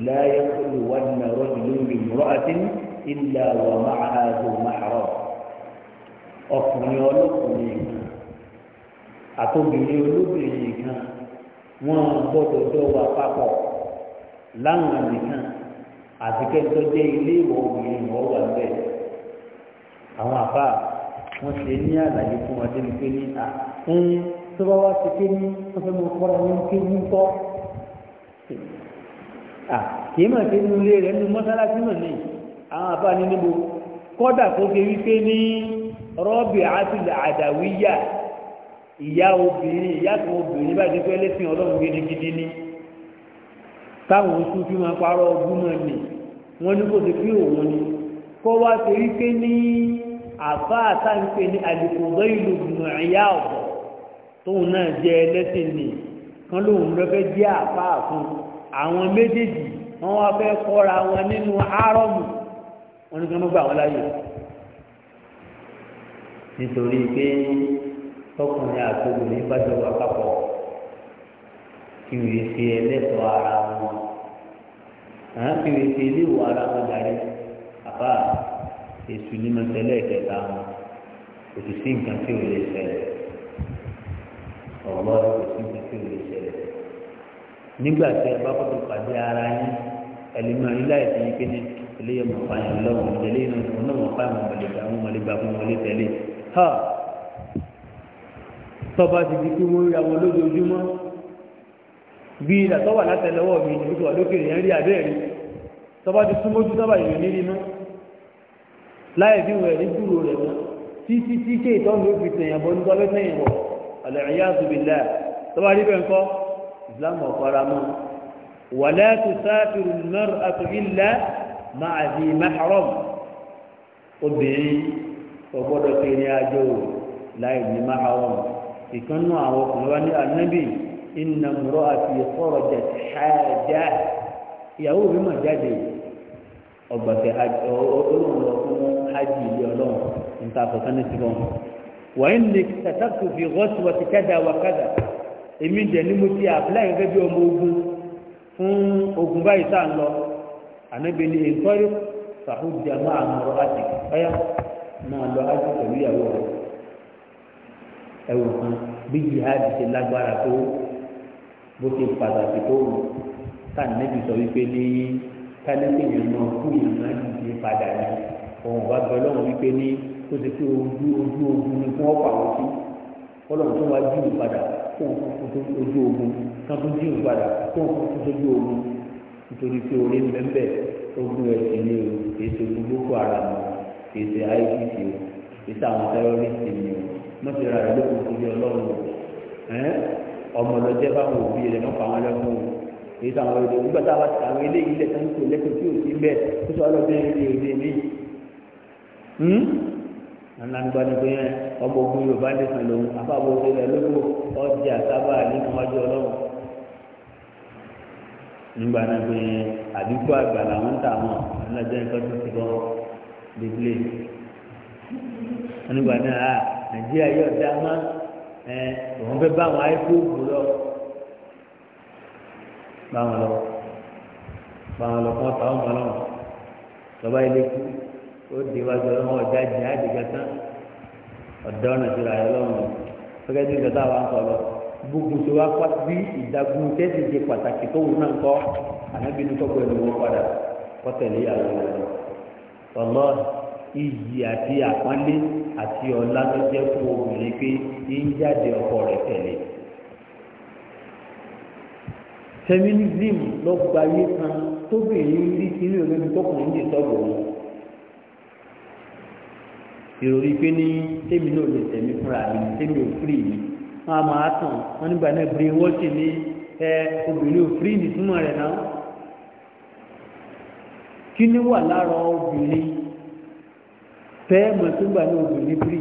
láyé kúlù wà nínú ọ̀rọ̀ ìlú ìmúrọ̀ àti ìlà wà máa àdó máa rọ̀ ọkùnrin ọlọ́kùnrin àtòbìnrin olóbìnrin kan wọn gbọ́dọ̀ jọ wà papọ̀ láwọn àbíkan àbíkẹ́tọ́ jẹ́ ilé ìwọ̀ obìnrin ìwọ̀ wà bẹ́ẹ̀ àwọn àbá wọn ṣe ní àlàyé fún wọn débi pé ní à ń tó bá wá ti ké ní wọn fẹ́ mọ kọ́ra ní ké ní kọ́ à kì í mà ké nínú ilé rẹ̀ nínú mọ́sálásí mọ̀ ní àwọn àbá ní níbo kọ́dà tó ṣe wípé ní rọ́bì àti àdàwíyà ìyá obìnrin ìyá tó obìnrin bá ti pẹ́ lẹ́sìn ọlọ́run gidigidi ni táwọn oṣù fi máa parọ́ ọgbọ́n náà nì wọ́n ní kò sí pé òun ni kó wá torí pé ní àbá àtàǹpé ní àlùkòbọ́ ìlú gbìyànjá ọ̀bọ̀ tóun náà jẹ ẹlẹ́sìn nì kan lóun lọ́fẹ́ jẹ́ àbá àfún àwọn méjèèjì wọ́n wá fẹ́ kọ́ra wọn nínú árọ́mù wọ́n ní kí wọ́n gbà wọ́n láyè nítorí pé tọkùnrin àti obìnrin bá jọ wà papọ̀ kí wèé ṣe ẹlẹ́tọ̀ọ́ ara wọn àwọn kí wèé ṣe iléèwọ̀ ara wọn darí àbá èṣù ní mọ́tẹ́lẹ̀ ìkẹta wọn kò sì sí nǹkan tí ò lè ṣẹlẹ̀ ọ̀gbọ́n kò sí nǹkan tí ò lè ṣẹlẹ̀ nígbà tí ẹ bá kọ́kọ́ pàdé ara yín ẹlẹ́mọ̀ ilé àìsàn yín kéde eléyẹ mọ̀ fáyọ̀ lọ́wọ́ ìdílé inú ọ̀nà mọ̀ fáyọ̀ mọ̀lẹ́gbà mọ̀ mọ̀lẹ́gbà mọ̀ mọ̀lẹ́tẹ̀lé tọ́ba ti di pé wọ́n rí àwọn lójoojúmọ́ bí ilẹ̀ tó wà látẹlẹwọ́ mi ní ìṣòwò lókè yẹn rí àbẹ́ẹ̀rí tọba ti súnmọ́ ojú sábà ìrìn nírí mọ́ láì bí wọ́n ẹ̀rí dúró rẹ̀ mọ́ tí tí tí ké ìtọ́nu ó fi tẹ̀yàn bọ́ nípa bẹ́ẹ̀ tẹ̀yìn wọ̀ àlẹ́rìyá àtúbìlá tọba rí bẹ́ẹ̀ ńkọ́ ìsìlámù ọ̀fara mọ́ wàlẹ́ tó sáfìrì mẹ́rù àtúbìlá máa di mahram obìnrin ọgbọ́dọ̀ tẹ̀yìn àjọ láì ní mahram ìkànnù àwọn ọkùnrin wa ní inna mọ̀rọ̀ àti ìfọ̀rọ̀ jẹ o ìyàwó mi mà jáde ọgbàtẹ olóhùn fún hajj ilé ọlọ́run níta àfọ̀kánná ti wọn. wàá ní tàtàkù fi rọ́ọ̀tù wọ́n ti kádà wá kádà èmi dẹ̀ ni mo ti àpìlẹ̀ gẹ́gẹ́ bí ọmọ ogun fún ogun báyìí ń lọ máa lọ hajj ìyàwó kan bí jihad lágbára tó bó ṣe pàtàkì tó wù kánẹ́bì sọ wípé ní kánẹ́bì yẹn náà kú yẹn náà yìí padà ní òun bá bẹ lọ́wọ́ wípé ní ó ti pé ojú ojú ogun ni fún ọ̀pọ̀ àwọn sí ọlọ́run tó wá jíù padà fún ojú ogun kan tó jíù padà fún ojú ogun nítorí pé orí mbẹ́mbẹ́ ogun ẹ̀sìn ni o kìí ṣe ogun boko haram o kìí ṣe icc o kìí ṣe àwọn tẹ́rọ́rìsì ni o mọ̀tìrà rẹ̀ ló kún sí ọlọ́run o ọmọ lọ́jẹ́ báwọn òbí rẹ̀ mọ́ fàwọn lẹ́mú o èyí tó àwọn èdè nígbà táwa àwọn eléyìí lẹ̀ tán kò lẹ́kọ̀ọ́ tí ò sí bẹ́ẹ̀ tó sọ ọlọ́bìnrin ní òde mi. anagba hmm? ni pé ọmọ ogun yorùbá ní sàn lòun afábọ̀ òṣèlè lóko ọjà sábà nínú ọjọ́ ọlọ́run. nígbà náà pé àdínkù àgbà làwọn ń tà wọn ọlọ́jọ́ nǹkan tó ti bọ́ bíbélì. nígbà náà nàìjíríà yóò dá máa ẹ òun fẹ́ bá àwọn àìkóògùn lọ bá wọn lọ bá wọn lọ kọ́ ọ̀tá ọmọ náà lọ́ba ilé kú ó di wájú ọlọ́wọ́ ọjà jìn àdìgá tán ọ̀dọ́ ọ̀nà ìṣura ẹ̀ lọ́wọ́ fẹ́kẹ́ tí ìjọba wa ń sọ lọ gbogbo tó pa bí ìdágún tẹ́sí ṣe pàtàkì tó wù náà kọ́ ànábìínú tó gbọ́ ẹ̀ lọ́wọ́ padà kọ́ tẹ̀lé rẹ̀ lọ iyì àti àpọ́nlé àti ọ̀la tó jẹ́ fún obìnrin pé ń jáde ọkọ rẹ̀ tẹ̀lé. feminism ló gba ayé kan tóbìnrin rí sínú olóbi tọkùnrin lè sọ̀rọ̀ wọn. ìròrí pé ní tèmi náà lè tẹ̀mí fúnra mi tèmi ò fúri mi wọn a máa tàn wọn nígbà náà bèrè wọ́ọ̀tì ní ẹ obìnrin ò fúri nìtúmọ̀ rẹ̀ náà. kí ni wà lára obìnrin? tẹ́ẹ̀mọ̀ tó gbà ní òbí ní bírí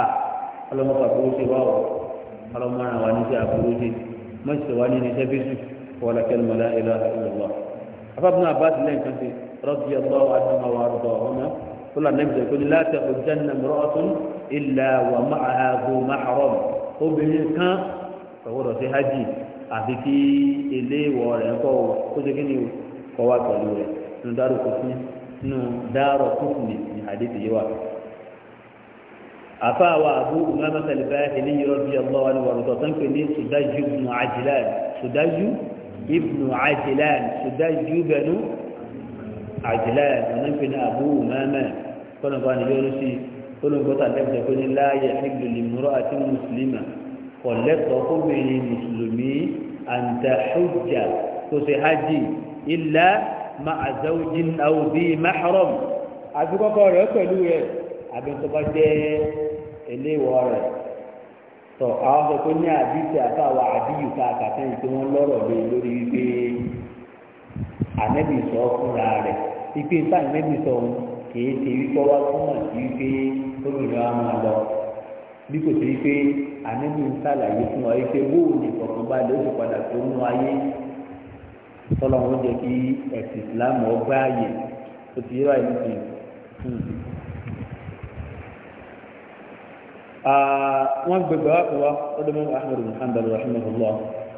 à ọlọ́mọkà tó ṣe wá ọ̀ ọlọ́mọràn wa ní sí àbúrò ṣe mọ́ṣẹ̀ wá ní ní iṣẹ́ bíṣù wọlé kẹlẹ́mọ̀lá ìlà ìlọ́wọ́ afábùnà àbáṣe lẹ́yìn kan ṣe rọ́bì ọ̀gbọ́ àtàwọn àwọn àrùbọ̀ ọmọ tó là nẹ́bìtẹ̀ tó ní láti ọjà nàmúrọ̀ ọ̀tún ìlà wà máa bò máa rọ̀ obìnrin kan ọ̀wọ́dọ̀ sí nínú dáárọ̀ kúkúni ní àdéhùn yìí wà. afa wa abu umama saliba ẹni yìí rọbì allah wa ni wà lọtọ tán pé ní sudaju ibnu ajilan sudaju ibnu ajilan sudaju bẹnu ajilan ọ̀nà pé ní abu umama kọ́nà bá ní yọrù sí olùgbọ́tà lẹ́gbẹ̀ẹ́ pé ní láàyè ẹgbẹ̀lú ìmúrọ̀ àti mùsùlùmí kọ̀lẹ́tọ̀ kóbìnrin mùsùlùmí àǹtàṣọ́jà tó ṣe hajj ilá máa àzáwójì náà bí mahram àti kọ́kọ́ rẹ̀ pẹ̀lú rẹ̀ àbí tó bá jẹ́ eléwọ́ rẹ̀ tọ àwọn sọ pé ní àdìsí àtàwọn àdìyù ká àkàtẹ́yìn tí wọ́n lọ́rọ̀ lé lórí wípé ànẹ́bì sọ fúnra rẹ̀ wípé nípa ànẹ́bì sọ kìí ṣe wípé wá túmọ̀ sí wípé obìnrin wa máa lọ bí kò sí wípé ànẹ́bì ń sàlàyé fún ọ wípé bóòlù ìfọ̀kànbalẹ̀ ó ti padà tó nú ayé tọ́lọ̀ wọn jẹ́ kí ẹ̀sìn ìsìlámù ọgbà ààyè tó ti yíra ìlú ti wọ́n gbẹgbẹ́ wá fún wa ọdún mẹ́rin ahmed muhammed rahimahullah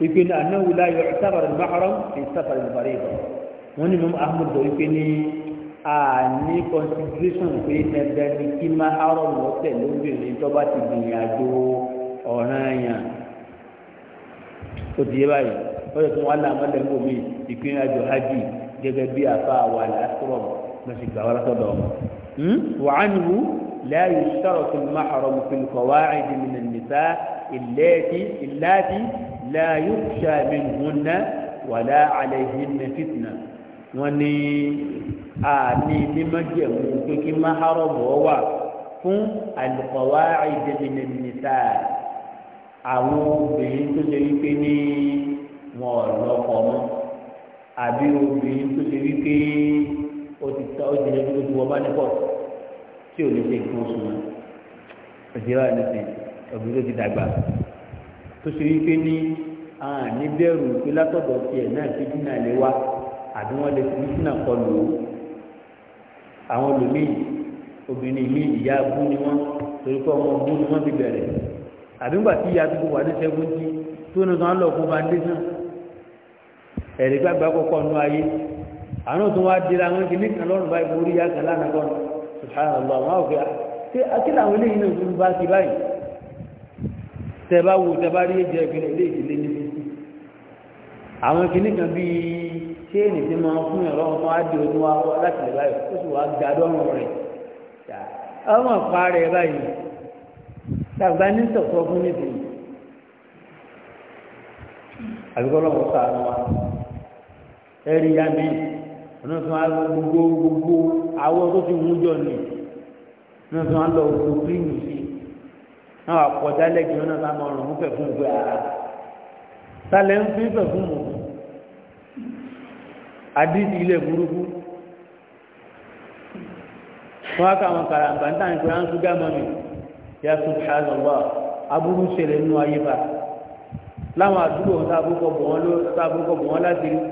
ìpè ní anáwó láyé ìsáfàrà ní maharam ìsáfàrà ní bàrẹ́ ìbọn wọ́n ní mọ́mú ahmed sọ ìpè ní àní consideration pé ẹgbẹ́ ní kí maharam lọ́tẹ̀ lóbìnrin tó bá ti gbìyànjú ọ̀ràn yàn tó ti yé báyìí wọ́n yẹ kí wọ́n á lé àmọ́lẹ́gbò míì ìpínlẹ̀ àjọ hajj gẹ́gẹ́ bí afa wà lásìrò mẹ́sì gbà wọ́n lọ́sọ̀dọ̀ ọmọ. wà á nìhu láàyè sọ̀rọ̀ tó má ọ̀rọ̀ mùsùlùmí kọ̀ wá àìdí mi nìta ìlàtí láàyè sàmì hùnà wàlá àlẹ́yìn nà fitna. wọ́n ní àmì nímọ̀jẹ̀mú pé kí má bọ̀ wà fún àlùkọ̀wá àìdí mi nìta àwọn obìnrin tó lè wípé ní wọn ò lọ́kọ̀ọ́ àbí obìnrin tó ṣe wípé ó ti ta ó ti lè dúró ju ọba nípọ̀ tí ò lè ṣe nǹkan oṣù náà òṣèré àdìsí obìnrin tó ti dàgbà tó ṣe wípé ní àní bẹ̀rù pé látọ̀dọ̀ tiẹ̀ náà ti dínà lé wa àbí wọ́n lè fi dínà kọ lò ó àwọn olùmíì obìnrin mi ìyá abú ni wọ́n torí pé ọmọ abú ni wọ́n fi bẹ̀rẹ̀ àbí ńgbà tí ìyá àdúgbò wà ní sẹ́gun tó ní sàn án lọ fún bandé náà ẹ̀rí gbàgbà kọ́kọ́ nú ayé àwọn tó wá dira wọn kì ní kan lọ́rùn báyìí mo rí yàtọ̀ lánàá kan subhanallah wọn ò fi ṣe akílà àwọn eléyìí náà tó ń bá ti báyìí tẹ bá wo tẹ bá rí ẹjẹ ìpínlẹ̀ eléyìí ti lé ní fífi àwọn kìíní kan bíi ṣéènì tí máa ń fún ìrọ̀ wọn á ojú wa láti lè báyìí ó sì wá ga dọ́rùn rẹ̀ ọmọ pa báyìí tàgbà ní sọ̀tọ̀ fún nídìí àbíkọ́ lọ́wọ́ sáà ẹ̀rí ya mi ọ̀nà tó wà lọ gbogbo gbogbo awọ tó ti wú jọ ni ọ̀nà tó wà lọ gbogbo kírìmù sí náà wà pọ̀ dálẹ́gì ọ̀nà tó wà mọ ọ̀rùn fẹ̀ fún gbé ara sálẹ̀ ń fi fẹ̀ fún mọ̀ àdìsí ilẹ̀ burúkú wọ́n á káwọn karambà ń tàn pé à ń sùn dá mọ́mì yà sùn ṣáàzọ̀ wà aburú ṣẹlẹ̀ nínú ayé bá láwọn àdúgbò táàbùkọ̀ bọ̀ wọ́n láti rí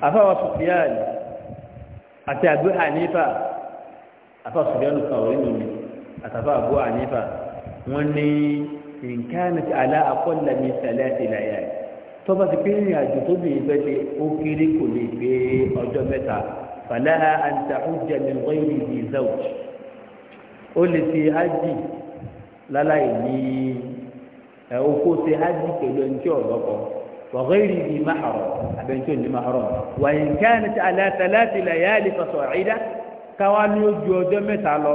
afáwà sùfìyàn àti àgbé hànífà afáwà sùfìyàn kàwé nìyí àtàfà àgbó hànífà wọn ní nǹkan àti àlá àkọlà ní sàlẹ̀ àti ìlàyà tó bá ti pé ìrìn àjò tó bìnrin bẹ́ẹ̀ ṣe ó kéré kò lè gbé ọjọ́ mẹ́ta fàlàhà àǹtàkùnjẹ mi wọ́n yìí di ó lè ṣe ájì láláì ní ẹ̀ ó kó ṣe ájì pẹ̀lú ẹni tí ọ̀rọ̀ kan. وغير ذي محرم أبنتون لمحرم وإن كانت على ثلاث ليالي فصعيدة كوانيو جودو متالو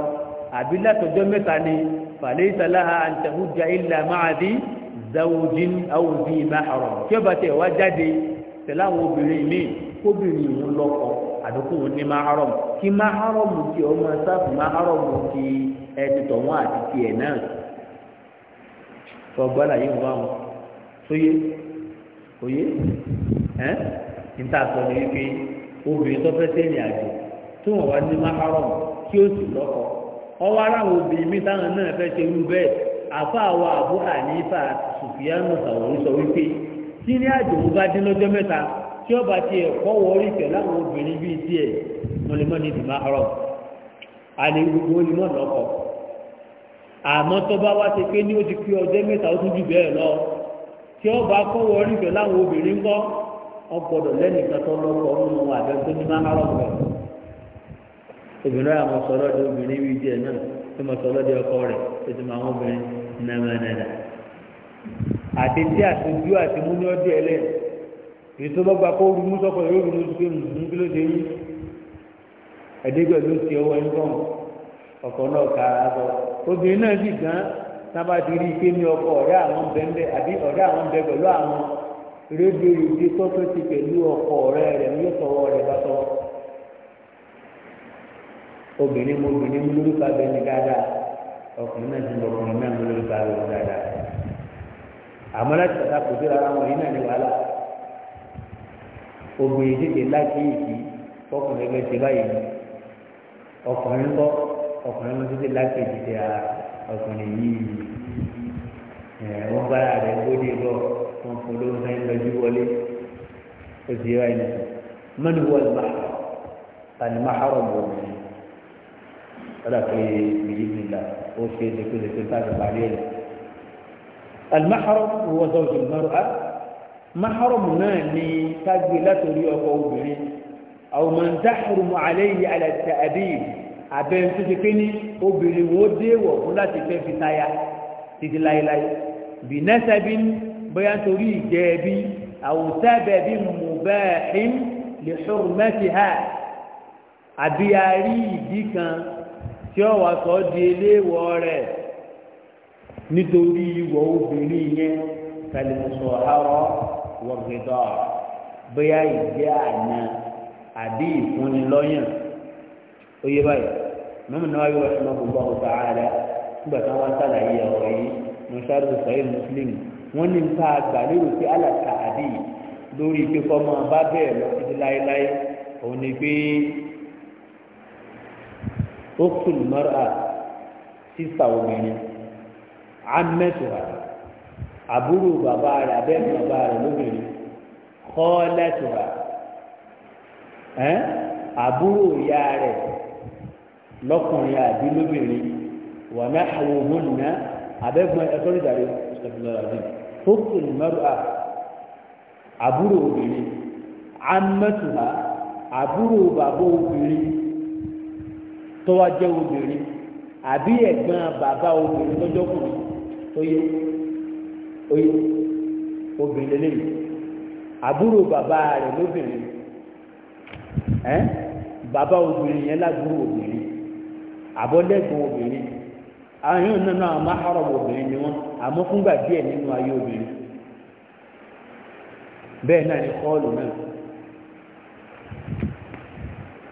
أبلا تجو متاني فليس لها أن تهج إلا مع ذي زوج أو ذي محرم كبت وجدي سلام بريمين كبري لوكو àdókòwò ní maharom kí maharom ti ọmọ sáfù maharom ti ẹni tọ̀wọ́n àti tiẹ̀ náà sọ òye ẹ́ níta ní wípé obìnrin tó fẹ́ sẹ́yìn àjò tí wọ́n wá ní mákàrọ̀ kí ó sì lọ́kọ̀ ọwọ́ aráwọ̀ obìnrin mi táwọn náà fẹ́ ṣe irú bẹ́ẹ̀ àfáàwọ̀ àbú ànífà sùfìyánù sàwòrán sọ wípé tí ní àjò wọn bá lọ́jọ́ mẹ́ta tí ọba ti ẹ̀kọ́ wọrí pẹ̀lú àwọn obìnrin bíi tiẹ̀ gbogbo lọ́kọ̀ àmọ́ tó bá wá pé ní ó ti ọjọ́ tí ó bá kọ́wọ́ rífẹ̀ láwọn obìnrin kọ́ ọgbọ́dọ̀ lẹ́nu ìkàtọ́ lọ́kọ̀ nínú wọn àbẹ tó ní máa rọ̀ obìnrin àwọn sọ̀rọ̀ di obìnrin wí díẹ̀ náà sọ̀rọ̀ di ọkọ rẹ̀ tó ti máa wọ́n obìnrin nàmẹ́nàdà àti tí àtúndú àti múni ọdí ètò kó sọ́kọ̀ yóò mùsùlùmí kí ló dé yín ẹ̀dẹ́gbẹ̀ ló ti ọwọ́ náà bọ̀ obìnrin náà sì sábà ti rí ike ní ọkọ ọ̀rẹ́ àwọn bẹ́ńbẹ́ àbí ọ̀rẹ́ àwọn bẹ́ pẹ̀lú àwọn rédíò ìdí ti pẹ̀lú ọkọ ọ̀rẹ́ rẹ̀ yọ ìtọ́wọ́ rẹ̀ bá tọ́ obìnrin mo obìnrin mo lórúkọ dáadáa ọkùnrin náà ti lọ ọkùnrin náà mo lórúkọ abẹ́ni dáadáa àmọ́ láti tàkà kò sí ara wọn yìí náà ní wàhálà tètè báyìí ọkùnrin kọ́ ọkùnrin ọkùnrin yìí wọ́n gbára rẹ̀ gbódè lọ wọ́n fún olówó sáyé lọ́jú wọlé ó sì yẹra ẹni mẹ́nu wọ́n gbà tani máhàrọ̀ bò mí ọ̀dà pé bìyí mi là ó ṣe é ṣe pé táàbù parí ẹ̀ alimaharam wọ́n sọ̀rọ̀ tó mẹ́rọ á maharam náà ni ká gbé látòrí ọkọ̀ obìnrin àwọn mọ̀ntàhùrùmù àlẹ́ yìí àlẹ́ tẹ̀ àbíyìí. abẹ́ tó ti pé ní obìnrin wo dé wọ̀ fún láti fẹ́ fi táyà títí láéláé bí nẹ́sẹ̀bí bóyá torí ìjẹ́ ẹbí àwòtábẹ̀ bí mú bẹ́ẹ̀ ẹ̀hìn lè sọ̀rọ̀ mẹ́tì ha àbí a rí ìdí kan tí ó wà sọ di eléwọ̀ rẹ̀ nítorí ìwọ̀ obìnrin yẹn kàlùmọ̀sọ̀ àrọ̀ wọ̀gẹ̀dọ̀ bóyá ìjẹ́ àná àbí ìfúnnilọ́yàn ó báyìí mẹ́mú náà yóò wáṣọ náà gbogbo àwọn sàárà nígbà tí wọ́n sàlàyé ọ̀rọ̀ yìí mọ̀ṣáàrù sọ̀rọ̀ mùsùlùmí wọ́n ní nípa àgbàlérò pé alàkà àdì lórí ìpẹ́kọ́ máa bá bẹ́ẹ̀ lọ títí láéláé òun ni pé ó kùn mọ́ra sísà obìnrin amẹ́tùwà àbúrò bàbá rẹ̀ abẹ́rẹ́ bàbá rẹ̀ lóbìnrin kọ́ lẹ́tùwà àbúrò ìyá rẹ̀ lọ́kùnrin àbí lóbìnrin wà náà àwọn òhun nà abẹ́gbọ́n ẹ̀tọ́ ìdàrí ṣàfihàn fókù mẹ́rùà àbúrò obìnrin amẹ́tùmá àbúrò bàbá obìnrin tọ́wájẹ́ obìnrin àbí ẹ̀gbọ́n bàbá obìnrin lọ́jọ́kùnrin tó yẹ oyè obìnrin lélẹ́yìn àbúrò bàbá rẹ̀ lóbìnrin ẹ́ bàbá obìnrin yẹn lágbúrò obìnrin. àbọ̀lẹ́gbọ̀n obìnrin àwọn yóò nínú àwọn máhárọ̀ obìnrin ni wọ́n àmọ́ fúngbà díẹ̀ nínú ayé obìnrin bẹ́ẹ̀ náà ni kọ́ọ̀lù náà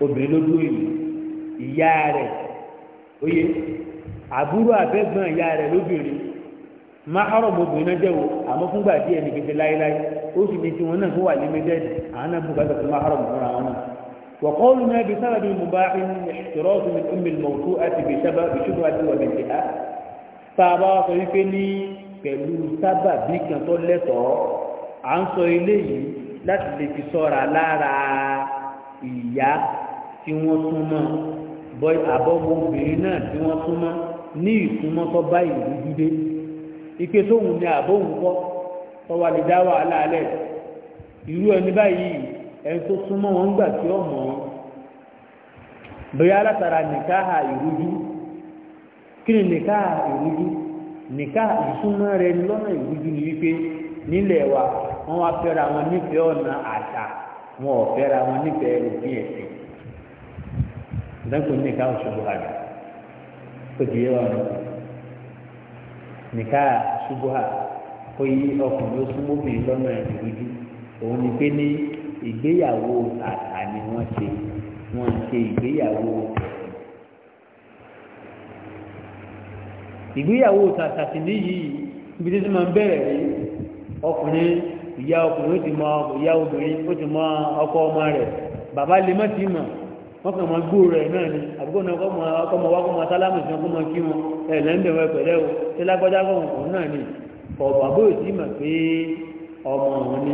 obìnrin ló dúró yìí ìyá rẹ̀ oyè àbúrò àbẹ́gbọ́n ìyá rẹ̀ lóbìnrin máhárọ̀ obìnrin náà jẹ́wọ́ àmọ́ fúngbà díẹ̀ ní kété láéláé ó sì ní tiwọn náà tó wà límídẹ́ẹ̀dì àwọn náà bùkátà fún máhárọ̀ obìnrin náà وقولنا بسبب مباح احتراز من أم الموسوعة بشبه بشبهة وبالجهة فأبا صحيفني pẹ̀lú sábàbí kan tó lẹ́tọ̀ọ́ à ń sọ eléyìí láti lè fi sọ́ra lára ìyá tí wọ́n súnmọ́ bọ́ àbọ̀bọ̀ obìnrin náà tí wọ́n súnmọ́ ní ìsúnmọ́ tó bá ìlú dúdé ike tóun ni àbóhùn kọ́ tọ́wà lè dá wàhálà alẹ́ irú ẹni báyìí ẹni tó súnmọ́ wọn gbà tí ó mọ̀ wọn bóyá látara nìkáhà ìrújú kí ni nìkáhà ìrújú nìkáhà ìsúnmọ́ rẹ lọ́nà ìrújú ni wípé nílẹ̀ wa wọ́n wá fẹ́ra wọn nífẹ̀ẹ́ ọ̀nà àṣà wọn ò fẹ́ra wọn nífẹ̀ẹ́ òfin ẹ̀sìn ìdánkò wọn yí ọkùnrin ó súnmọ́ lọ́nà ìrújú ìgbéyàwó tàtà ni wọ́n ṣe wọ́n ṣe ìgbéyàwó ìgbéyàwó tàtà sì níyì ibi tí wọ́n bẹ̀rẹ̀ rí ọkùnrin ìyá ọkùnrin ó ti mọ ìyá obìnrin ó ti mọ ọkọ ọmọ rẹ̀ bàbá lè mọ́ ti mọ̀ wọ́n kàn máa gbóò rẹ̀ náà ni àbúkọ́ náà ọkọ̀ ọmọ wákọ̀ ọmọ sálámù sí ọkọ̀ ọmọ kí wọn ẹ̀lẹ́ńdẹ̀ wọn pẹ̀lẹ́ o tí lágbájá kọ̀ náà ni ọ̀bàbó ìsímọ̀ pé ọmọ ọ̀hún ní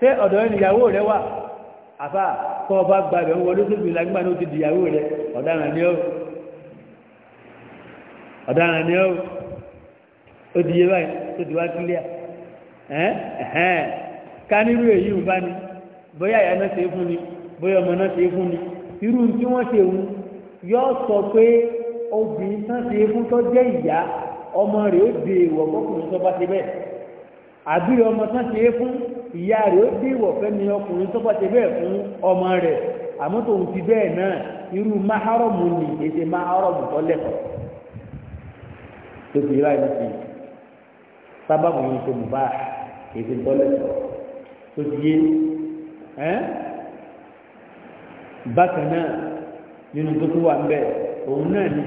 ṣé ọ̀dọ̀ ẹni ìyàwó rẹ wà àfà kọ́ ọba gbàgbẹ̀ ń wọlé tóbi ní ó ti di ìyàwó rẹ ọ̀daràn ni ó ọ̀daràn ni ó ó di yé báyìí ó ti wá kílíà ẹ̀hẹ́n ká nírú èyí ń bá ní bóyá ìyá náà ṣe é fún ni bóyá ọmọ náà ṣe é fún ni irú tí wọ́n ṣe ń yọ sọ pé obìnrin tán ṣe é fún tó jẹ́ ìyá ọmọ rẹ̀ ó di èèwọ̀ bọ́kùnrin tó bá ṣe bẹ́ẹ̀ àbí ọmọ tán ṣe é fún ìyá rẹ̀ ó dé ìwọ̀fẹ́ ni ọkùnrin tó bá bẹ́ẹ̀ fún ọmọ rẹ̀ àmọ́ tòun ti bẹ́ẹ̀ náà irú máhárọ̀mù ní èdè máhárọ̀mù tó lẹ́kọ̀ọ́ ní tó mú bá tó nínú tó tó wà ń bẹ̀ òun náà ní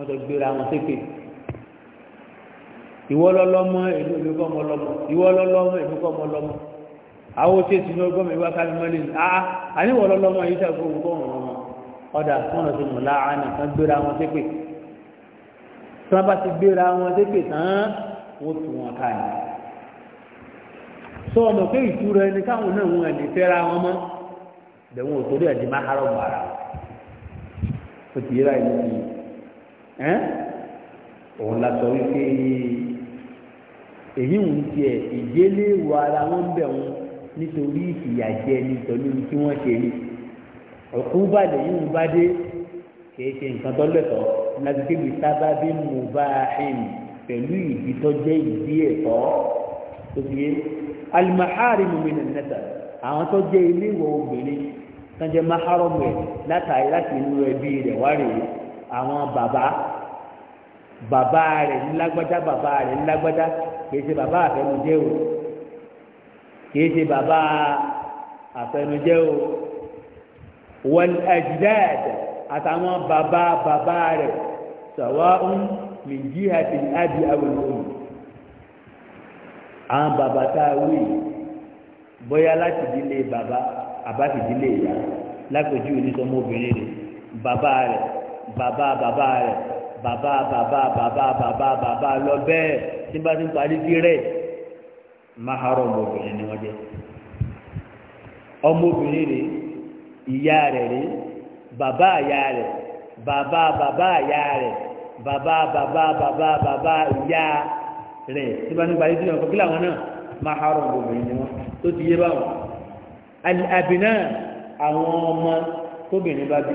wọ́n jọ gbéra wọn sékè ìwọ lọ́lọ́mọ èmi èmi kọ́ mọ lọ́mọ ìwọ lọ́lọ́mọ èmi kọ́ mọ lọ́mọ àwọn oṣù tí ní ọgbọ́n mi wá ká mi mọ́ lẹ́nu àá àníwọ̀ lọ́lọ́mọ yìí sàgbó gbọ́ wọn wọn ọ̀dà wọn lọ sí mọ̀ láàánà kan gbéra wọn sékè tí wọ́n bá ti gbéra wọn sékè tán wọ́n tù wọn káàyè sọ ọmọ pé ìtura ẹni káwọn náà wọn ẹni fẹ́ra wọn mọ́ bẹ̀wọ̀n òtòrí òun la sọ wípé èyí ń tiẹ̀ ìdílé wo ara wọn bẹ̀ wọn nítorí ìfìyàjẹ ni pẹ̀lú tí wọ́n ṣe ni òkú bá lẹ́yìn ń bá dé kìí ṣe nǹkan tó lẹ́tọ̀ọ́ láti débi sábà bí mo bá ẹ̀yìn pẹ̀lú ìdí tó jẹ́ ìdí ẹ̀tọ́ tó fi yé alimahari mi mi nàìjíríà àwọn tó jẹ́ ilé ìwọ̀ obìnrin tó jẹ́ maharomu ẹ̀ látàrí láti inú ẹbí rẹ̀ wá rèé àwọn bàbá bàbá rẹ̀ ńlágbádá bàbá rẹ̀ ńlágbádá kìí ṣe bàbá àfẹnujẹ́ o kìí ṣe bàbá àfẹnujẹ́ o wal ajdad àtàwọn bàbá bàbá rẹ̀ sawa'un min jihati al-abi aw al-umm àwọn bàbá tá a wí bóyá láti dílé bàbá àbá ti dílé ìyá lápèjúwe ní sọmọ obìnrin bàbá rẹ̀ bàbá bàbá rẹ̀ bàbá bàbá bàbá bàbá bàbá lọ bẹ́ẹ̀ tí bá ti ń parí bí rẹ̀ máhàrọ̀ ọmọbìnrin ni wọ́n jẹ́ ọmọbìnrin rẹ̀ ìyá rẹ̀ rẹ̀ bàbá ìyá rẹ̀ bàbá bàbá ìyá rẹ̀ bàbá bàbá bàbá bàbá ìyá rẹ̀ tí bá ti ń parí bí rẹ̀ kí làwọn náà máhàrọ̀ ọmọbìnrin ni wọ́n tó ti yé báwọn àbìnà àwọn ọmọ tóbìnrin bá bí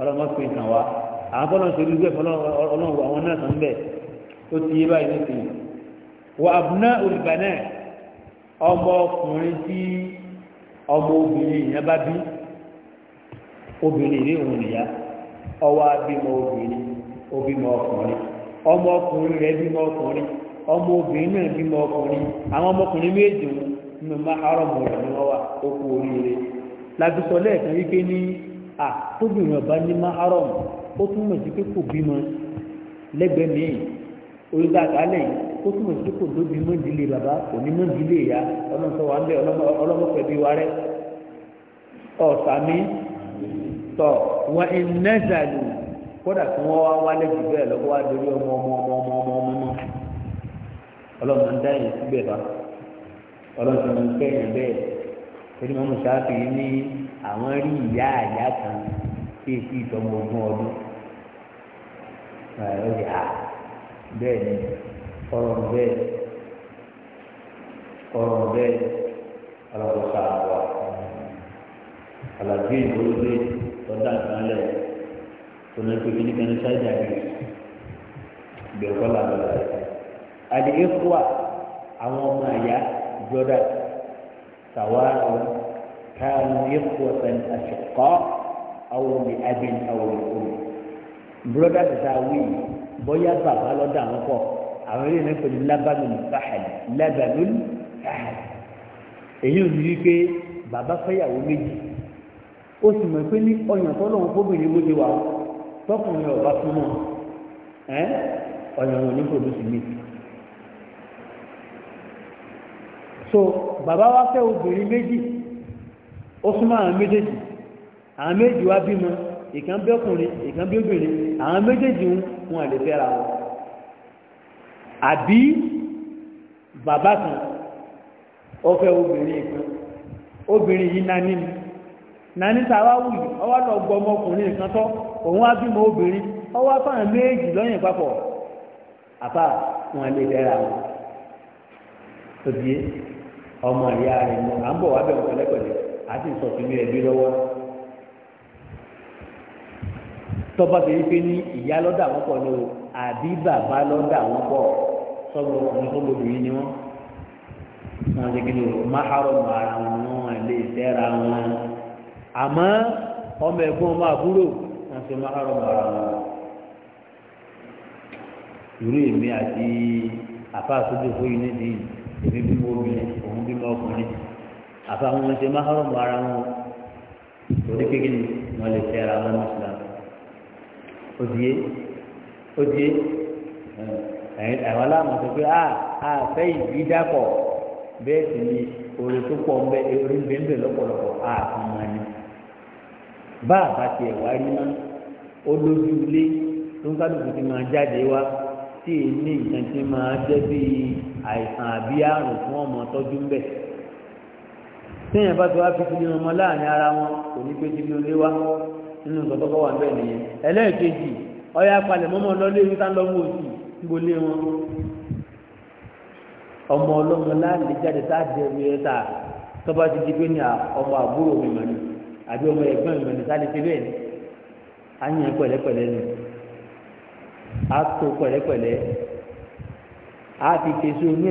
ọlọ́mọ fi hàn wá àwọn tó náà ṣerú gbẹ̀fọ́ ọlọ́run àwọn náà tí ọmọ obìnrin ọwọ́ obìnrin ọkùnrin ọmọ ọkùnrin rẹ̀ ọkùnrin ọmọ obìnrin náà ọkùnrin àwọn ọmọkùnrin méjì rẹ̀ ni wọ́n wà lẹ́ẹ̀kan wípé ní à tóbìnrin ọba ní maharam ó túmọ̀ sí pé kò bímọ lẹ́gbẹ̀ẹ́ míì oríta àkálẹ̀ ó túmọ̀ sí pé kò lóbi mọ́ndílé bàbá kò ní mọ́ndílé ìyá ọlọ́mọ wa ń bẹ ọlọ́mọ pẹ̀lú wa rẹ ọ̀sàmí tọ̀ wọn ìnẹ́sàlù kódà tí wọ́n wá wálé jù bẹ́ẹ̀ lọ́wọ́ wá lórí ọmọ ọmọ ọmọ ọmọ ọmọ ọmọ ọmọ àwọn rí ìyá àyá kan tí èsì ìtọ́mọ ogún ọdún ọ̀rẹ́ òde à bẹ́ẹ̀ ni ọ̀rọ̀ bẹ́ẹ̀ ọ̀rọ̀ bẹ́ẹ̀ ọ̀rọ̀ sàrọ̀ àlàbí ìgbòlódé ọ̀dà ìpínlẹ̀ tó ní pé kíní kan ní sájà rí ìbẹ̀rù kọ́lá lọ́la rẹ̀ àdìgẹ́ fúà àwọn ọmọ àyá jọ́dá sàwárọ̀. كانوا إخوة أشقاء أو لأب أو لأم brothers are we bóyá bàbá lọ́dọ̀ àwọn pọ̀ àwọn eré náà pẹ̀lú lábàlùn fàhàlì lábàlùn fàhàlì èyí ò ní wípé bàbá fẹ́yàwó méjì ó sì mọ̀ pé ní ọyàn tó lọ́wọ́ fóbìnrin bó ti wà ó tọkùnrin ọba fún mọ́ ẹ́ ọyàn ò ní kò ló sì ní. so bàbá wa fẹ́ obìnrin méjì ó súnmọ́ àwọn méjèèjì àwọn méjì wá bímọ ìkan bí ọkùnrin ìkan bí obìnrin àwọn méjèèjì wọn àbí bàbá kan ọfẹ́ obìnrin kan obìnrin yìí nání ni nání tàwa wù yìí ọwọ́ lọ gbọ́ ọmọkùnrin kan tọ́ òun á bímọ obìnrin ọwọ́ fáwọn méjì lọ́yìn papọ̀ àbá àti ìsọ̀tìmí ẹbí lọ́wọ́ tọ́ba tó yí pé ní ìyá lọ́dà wọn pọ̀ ní o àbí bàbá lọ́dà wọn pọ̀ sọ́gbọ́ ọkùnrin tó gbòdò yìí ni wọ́n wọ́n ti kí ni o máhàrọ̀ mọ́ ara wọn wọn lè tẹ́ra wọn àmọ́ ọmọ ẹ̀gbọ́n ọmọ àbúrò wọn ti máhàrọ̀ mọ́ ara wọn irú èmi àti àfa àsójú fún yìí nídìí èmi bí mo bí òun bí mo ọkùnrin àfàwọn ohun ṣe máa họrọ mọ ara wọn torí pé kí ni wọn lè fẹ́ ara wọn nígbà òdìye òdìye àwọn aláàmọ̀ sọ pé ah, a fẹ́ ìbí dàpọ̀ bẹ́ẹ̀ sì ni orí tó pọ̀ ń bẹ orí ń bẹ ń bẹ lọ́pọ̀lọpọ̀ a fi mọ ni bá a bá tiẹ̀ wá rí mọ́ ó lójú ilé tó ń kálukú ti máa jáde wá tí èyí ní ìtàn ti máa jẹ́ bí àìsàn àbí àrùn fún ọmọ tọ́jú ń bẹ. téèyàn bá ti wá fi ara wọn kò ní pé kiri olé wá nínú wà nìyẹn ẹlẹ́ẹ̀kejì palẹ̀ mọ́mọ́ lọ́lé wọn ọmọ ọlọ́mọ láàrin jáde tá a ta tọ́ba ti di pé ní ọmọ àbúrò mi mọ̀ ní àbí ọmọ ẹ̀gbọ́n mi mọ̀ ní sáré fi bẹ́ẹ̀ á pẹ̀lẹ́pẹ̀lẹ́ ni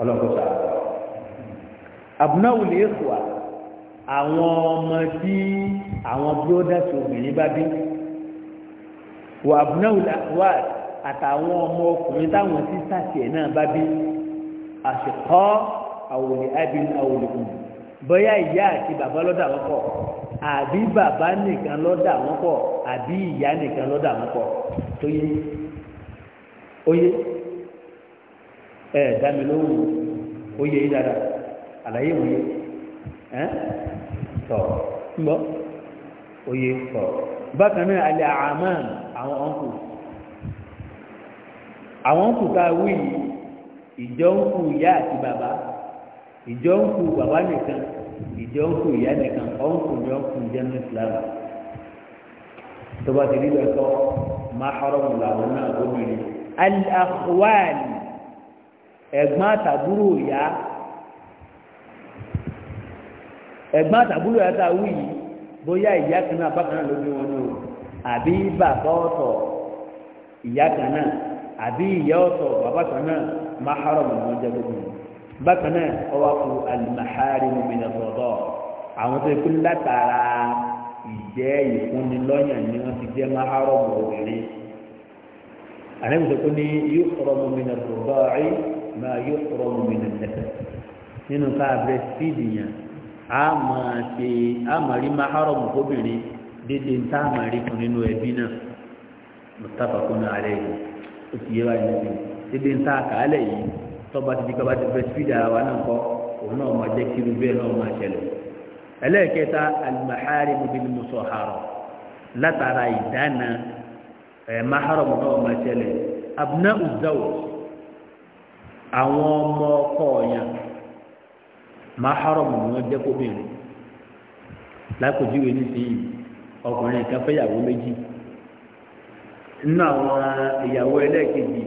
ọlọ́kọ̀ọ́sọ àgbà abúnáwò lè kọ́ à àwọn ọmọ tí àwọn brothers obìnrin bá bí wà abúnáwò wà àtàwọn ọmọ ọkùnrin táwọn sisters ẹ̀ náà bá bí àṣekọ́ àwòlè abin àwòlè kù bóyá ìyá àti bàbá lọ́dà wọn pọ̀ àbí bàbá nìkan lọ́dà wọn pọ̀ àbí ìyá nìkan lọ́dà wọn pọ̀ tó yé ó yé ẹ dá mi lóhùn ó yẹ yí dára àlàyé wò yé ẹ tọ ńgbọ ó yẹ tọ bákan náà alẹ àmà àwọn ọ̀nkù àwọn ọ̀nkù tá a wí yìí ìjọ ń kú ìyá àti bàbá ìjọ ń kú bàbá nìkan ìjọ ń kú ìyá nìkan ọ̀nkù ìjọ ń kú jẹ́nu ìsìlámù tó bá ti máa xọ́rọ́ mu làwọn náà gómìnir al-akhwal. ẹ̀gbọ́n àtàbúrò ìyá ẹ̀gbọ́n àtàbúrò ìyá tá a wí yìí bóyá ìyá kan náà bákan náà ló bí wọn ní o àbí bàbá ọ̀tọ̀ ìyá kan náà àbí ìyá ọ̀tọ̀ bàbá kan náà máa hárọ̀ mọ̀ jẹ́ gbogbo bákan náà ọwọ́ alimahari mímìnà sọ̀dọ̀ àwọn tó kú látara ìjẹ́ ìfúnnilọ́yàn ni wọ́n ti jẹ́ máa hárọ̀ mọ̀ obìnrin àlẹ́ mi sọ pé máa yóò kúrọ̀ mi nà tẹ̀tẹ̀ nínú ká breastfeed yẹn a máa ṣe a máa rí maharam obìnrin dédé tá a máa rí fún nínú ẹbí náà mustapha kúnú alẹ́ yìí ó ti yé wa yìí sí dédé tá a kà á lẹ̀ yìí tọ́ba ti di kaba ti breastfeed ara wa náà kọ́ òun náà máa jẹ́ kiri bẹ́ẹ̀ náà máa ṣẹlẹ̀ ẹlẹ́ẹ̀kẹta alimahari mu bí mo sọ látara ìdáná ẹ̀ eh, maharam náà máa ṣẹlẹ̀ abuna uzawo àwọn ọmọ ọkọ ọ̀yàn maharamu ni wọ́n jẹ́ kóbìnrin lákòjúwe nísìnyí ọkùnrin kan fẹ́yàwó méjì nínú àwọn ìyàwó ẹlẹ́ẹ̀kejì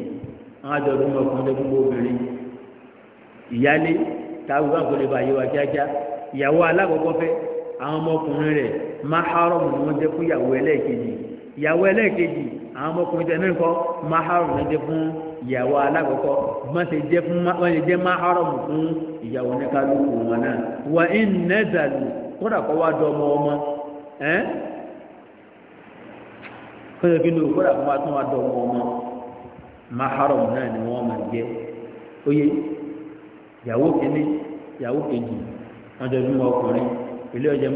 wọn á jọdún ọkùnrin tó fún obìnrin ìyálé táwọn bá gbọ́dọ̀ bá yé wa kíákíá ìyàwó alákọ̀ọ́kọ́ fẹ́ àwọn ọmọkùnrin rẹ̀ maharamu ni wọ́n jẹ́ fún ìyàwó ẹlẹ́ẹ̀kejì ìyàwó ẹlẹ́ẹ̀kejì àwọn ọmọkùnrin tẹ̀ ìyàwó alákọ̀ọ́kọ́ bụ ṣe jẹ́ fún fún ìyàwó oníkálukú wọn náà wà ń nẹ́zàlù kódà wá dọ́ ọmọ ọmọ ẹ́ kódà kí ló kódà kọ́ wá tún wá dọ́ ọmọ ọmọ náà ni wọ́n máa jẹ́ oyè ìyàwó kìíní ìyàwó kejì wọ́n jọ bímọ ọkùnrin ilé yìí èyí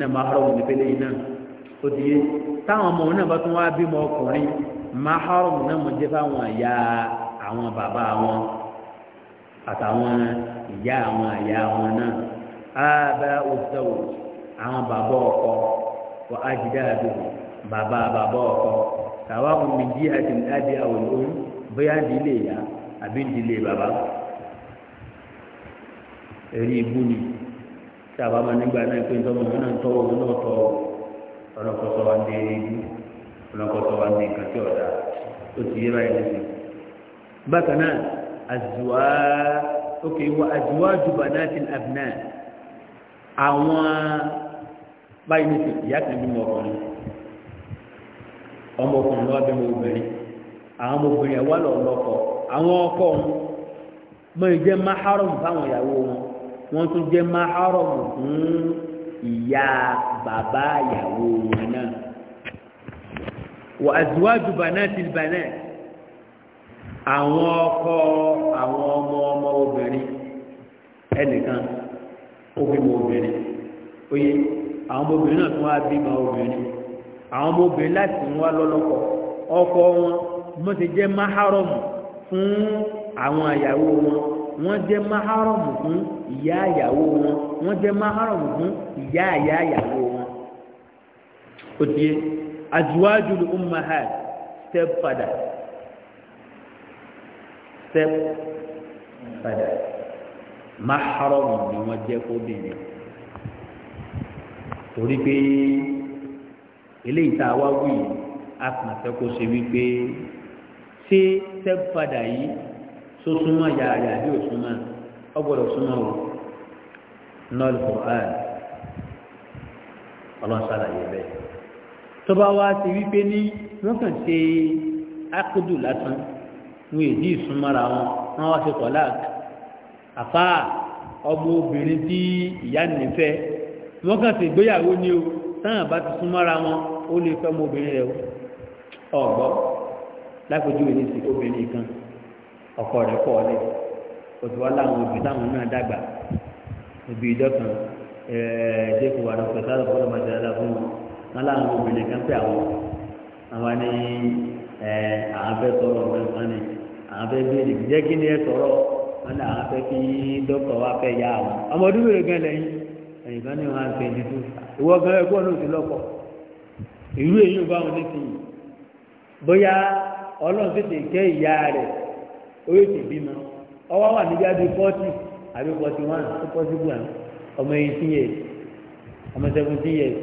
náà yìí náà ó ti yé táwọn ọmọ náà bá tún wá bímọ ọkùnrin maharum na mo jẹ́ fáwọn ìyá àwọn bàbá wọn àtàwọn ìyá àwọn ìyá wọn náà ààbà òṣèlú àwọn bàbá ọkọ wọ ajídá àdúgbò baba bàbá ọkọ tàwa kò mí jí àti àdé àwọn òun bóyá ìdílé ìyá àbí ìdílé bàbá ni ma nígbà na pé ń tọ́ ọmọ na ọ̀rọ̀ wa ń ọlọ́kọ̀tọ̀ wa ní nǹkan tí ọ̀dà ó ti yé báyìí lẹ́sìn. bákan náà àzùwá ókè wọ àzùwá jùbà náà ti àbínà àwọn báyìí lẹ́sìn ìyá kan bí mo ọkùnrin ọmọkùnrin lọ́wọ́ bí mo obìnrin àwọn ọmọbìnrin ẹ̀ wá lọ lọ́kọ̀ àwọn ọkọ̀ wọn mọ ìjẹ́ máhárọ̀mù fáwọn ìyàwó wọn wọ́n tún jẹ́ máhárọ̀mù fún ìyá bàbá ìyàwó wọn náà wà azwaju banatil banat àwọn ọkọ àwọn ọmọ ọmọ obìnrin ẹnìkan ó bímọ obìnrin oye àwọn ọmọbìnrin náà tún wá bímọ obìnrin àwọn ọmọbìnrin láti wá lọ́lọ́kọ ọkọ wọn wọ́n ti jẹ́ máhárọ̀mù fún àwọn àyàwó wọn wọ́n jẹ́ máhárọ̀mù fún ìyá àyàwó wọn wọ́n jẹ́ máhárọ̀mù fún ìyá àyà àyàwó wọn azwajul ummahat step father step father mahram ni wọ́n jẹ́ fóbìnrin torí pé eléyìí tá a wá wí àpàtẹ kó ṣe wípé ṣé step father yìí tó súnmọ́ yàrá bí ò súnmọ́ ọgbọ́dọ̀ súnmọ́ o nọ́ọ̀lù kọ̀ọ̀án ọlọ́run ṣàlàyé bẹ́ẹ̀ tó bá wá ti wípé ní wọ́n kàn ṣe ákúdù lásán wọn èdè ìsúnmọ́ra wọn wọ́n wá ṣe kọ̀láàkì àfá ọmọ obìnrin tí ìyá nífẹ́ wọ́n kàn ṣe ìgbéyàwó ní o táwọn bá ti súnmọ́ra wọn ó lè fẹ́ ọmọ obìnrin rẹ̀ ọ̀gbọ́ lápẹjú ìní sí obìnrin kan ọkọ rẹ̀ pọ̀ lẹ̀ òtún wá láwọn òbí táwọn náà dàgbà òbí ìjọ kan ẹ̀ẹ́dẹ́kùn wà lọ́pẹ̀ sáré fọ́lọ́mọdé aláfún ala láwọn obìnrin kan pé àwọn àwọn ní ẹ ni àwọn béèrè jẹ́ kí ni ẹ tọrọ wọn ni àwọn kí dókítà wa fẹ́ yá àwọn ọmọ ọdún mélòó gan lẹ́yìn ẹ̀yìn kan ní wọn á tó ìwọ gan ẹ ìlú èyí ò bá wọn bóyá ọlọ́run tètè kẹ́ ìyá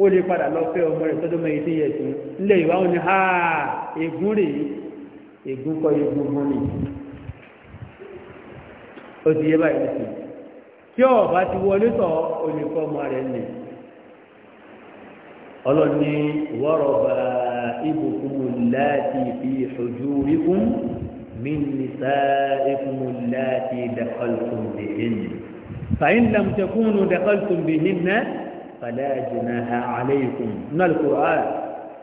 ó lè padà lọ fẹ́ ọmọ rẹ̀ tọ́jú mẹ́rin tí yẹ tún nílẹ̀ ìwà ó ní ha ègún rèé ègún kọ ègún mọ́ ni ó ti yé báyìí sí tí ọba ti wọlé tọ̀ ó lè fọ́ ọmọ rẹ̀ nì ọlọ́ni wọ́rọ̀bà ibùkún láti fi ṣojú ríkún mí nìta ikún láti dàkọ́lùkùn bìhìn fàyín làmùtẹ̀kùn dàkọ́lùkùn bìhìn náà fàlẹ́ àjùnà àlẹ́yìnkùn nínú alukur'an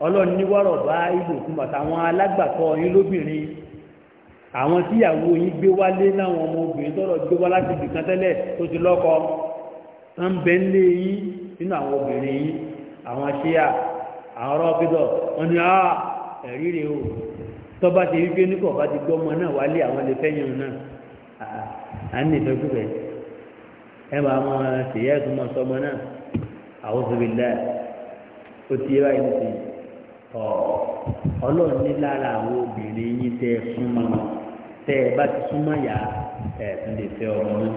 ọlọ́run ní wọ́rọ̀ bá ibùkún bàtà àwọn alágbàtọ́ yín lóbìnrin àwọn tíyàwó yín gbé wálé láwọn ọmọ obìnrin tọ́rọ̀ gbé wá láti ibìkan tẹ́lẹ̀ tó ti lọ́kọ ń bẹ nílé yín nínú àwọn obìnrin yín àwọn ṣíà àwọn rọ́bìdọ̀ wọn ni áà ẹ̀rí rè o tọ́ba ti wípé níkọ̀ bá ti gbọ́mọ náà wálé àwọn lè fẹ́yìn náà à ń nìfẹ́ kúbẹ̀ ẹ máa mọ ṣèyẹ́ ẹ̀tún sọmọ náà a'udhu billahi ó ti yẹ báyìí nìsín ọ ọlọ́run ní lára àwọn obìnrin yín tẹ́ ẹ súnmọ́ tẹ́ ẹ bá ti súnmọ́ yá ẹ ń lè fẹ́ ọmọ náà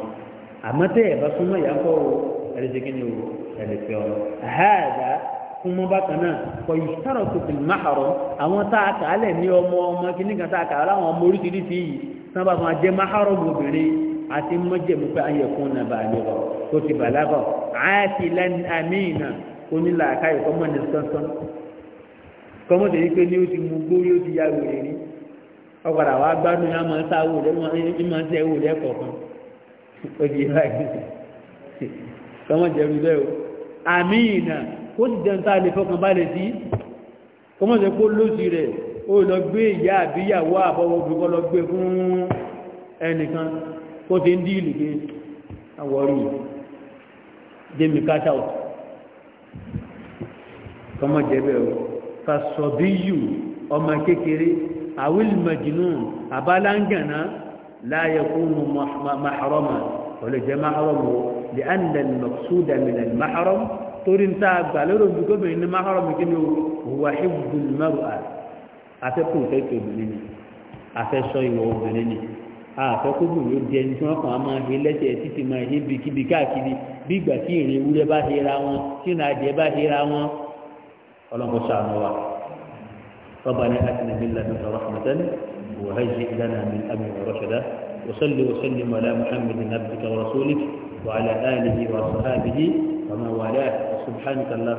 àmọ́ tẹ́ ẹ bá súnmọ́ yá kọ́ o ẹ lè ṣe kí ni o ẹ lè fẹ́ ọmọ àhàdà súnmọ́ bákan náà kọ ìṣòro tuntun máhàrọ̀ àwọn tá a kà á lẹ̀ ní ọmọ ọmọ kìíní kan tá a kà á láwọn ọmọ oríṣiríṣi yìí sábà fún ajẹ́ máhàrọ̀ obìnrin àti mọ́jẹ̀mú pé ayẹ̀kún nàbàlẹ̀ rọ̀ tó ti àákìlán àmìnà onílà àkáyè kọ́mọ̀ ní sọ́nsọ́n kọ́mọ̀ tó yí pé ní ó ti mú gbórí ó ti ya wèrè rí ọ̀padà wàá gbádùn yá máa ń sáwò máa ń tẹ wò lẹ́kọ̀ọ̀kan ó di yá ìgbésẹ̀ kọ́mọ̀ jẹ́rú bẹ́ẹ̀ o àmìnà kó sì jẹun tá a lè fọkàn balẹ̀ sí kọ́mọ̀ tó kó lóṣì rẹ̀ ó lọ gbé ìyá àbíyàwó àbọ̀wọ̀ gbogbo lọ gbé fún ẹnìkan kó ti ń dí ìlú gbé àwọ̀rí démi káṣá o kọ́mọ jẹ́bẹ̀ o fasọ̀bíyù ọmọ kékeré àwílì màjìnú àbáláńgànà láàyè fún mahrọ́mà ọ̀lẹ́jẹ́ mahrọ́mù lè àndà mọ̀súdà mìíràn mahrọ́mù torí ń ta àgbà lórí omi gómìnà ní mahrọ́mù kí ni o wà hìbùn mẹ́rù àfẹ́kùn fẹ́ kí obìnrin ni àfẹ́sọ ìwọ̀ obìnrin ni àfọkùnrin yóò di ẹni tí wọn kàn á máa he lẹsẹ títí máa he bikibi káàkiri bí ìgbà tí ìrìn ewúrẹ bá he ra wọn tí ìrìn adìẹ bá he ra wọn ọlọpàá sànù wa rọbàní àtìlẹyìn bíláàdì ọrọ fúnmẹtẹni wò hajj ìdáná mi àmì ọrọ ṣẹdá وصلي وسلم على محمد عبدك ورسولك وعلى آله وصحابه ومن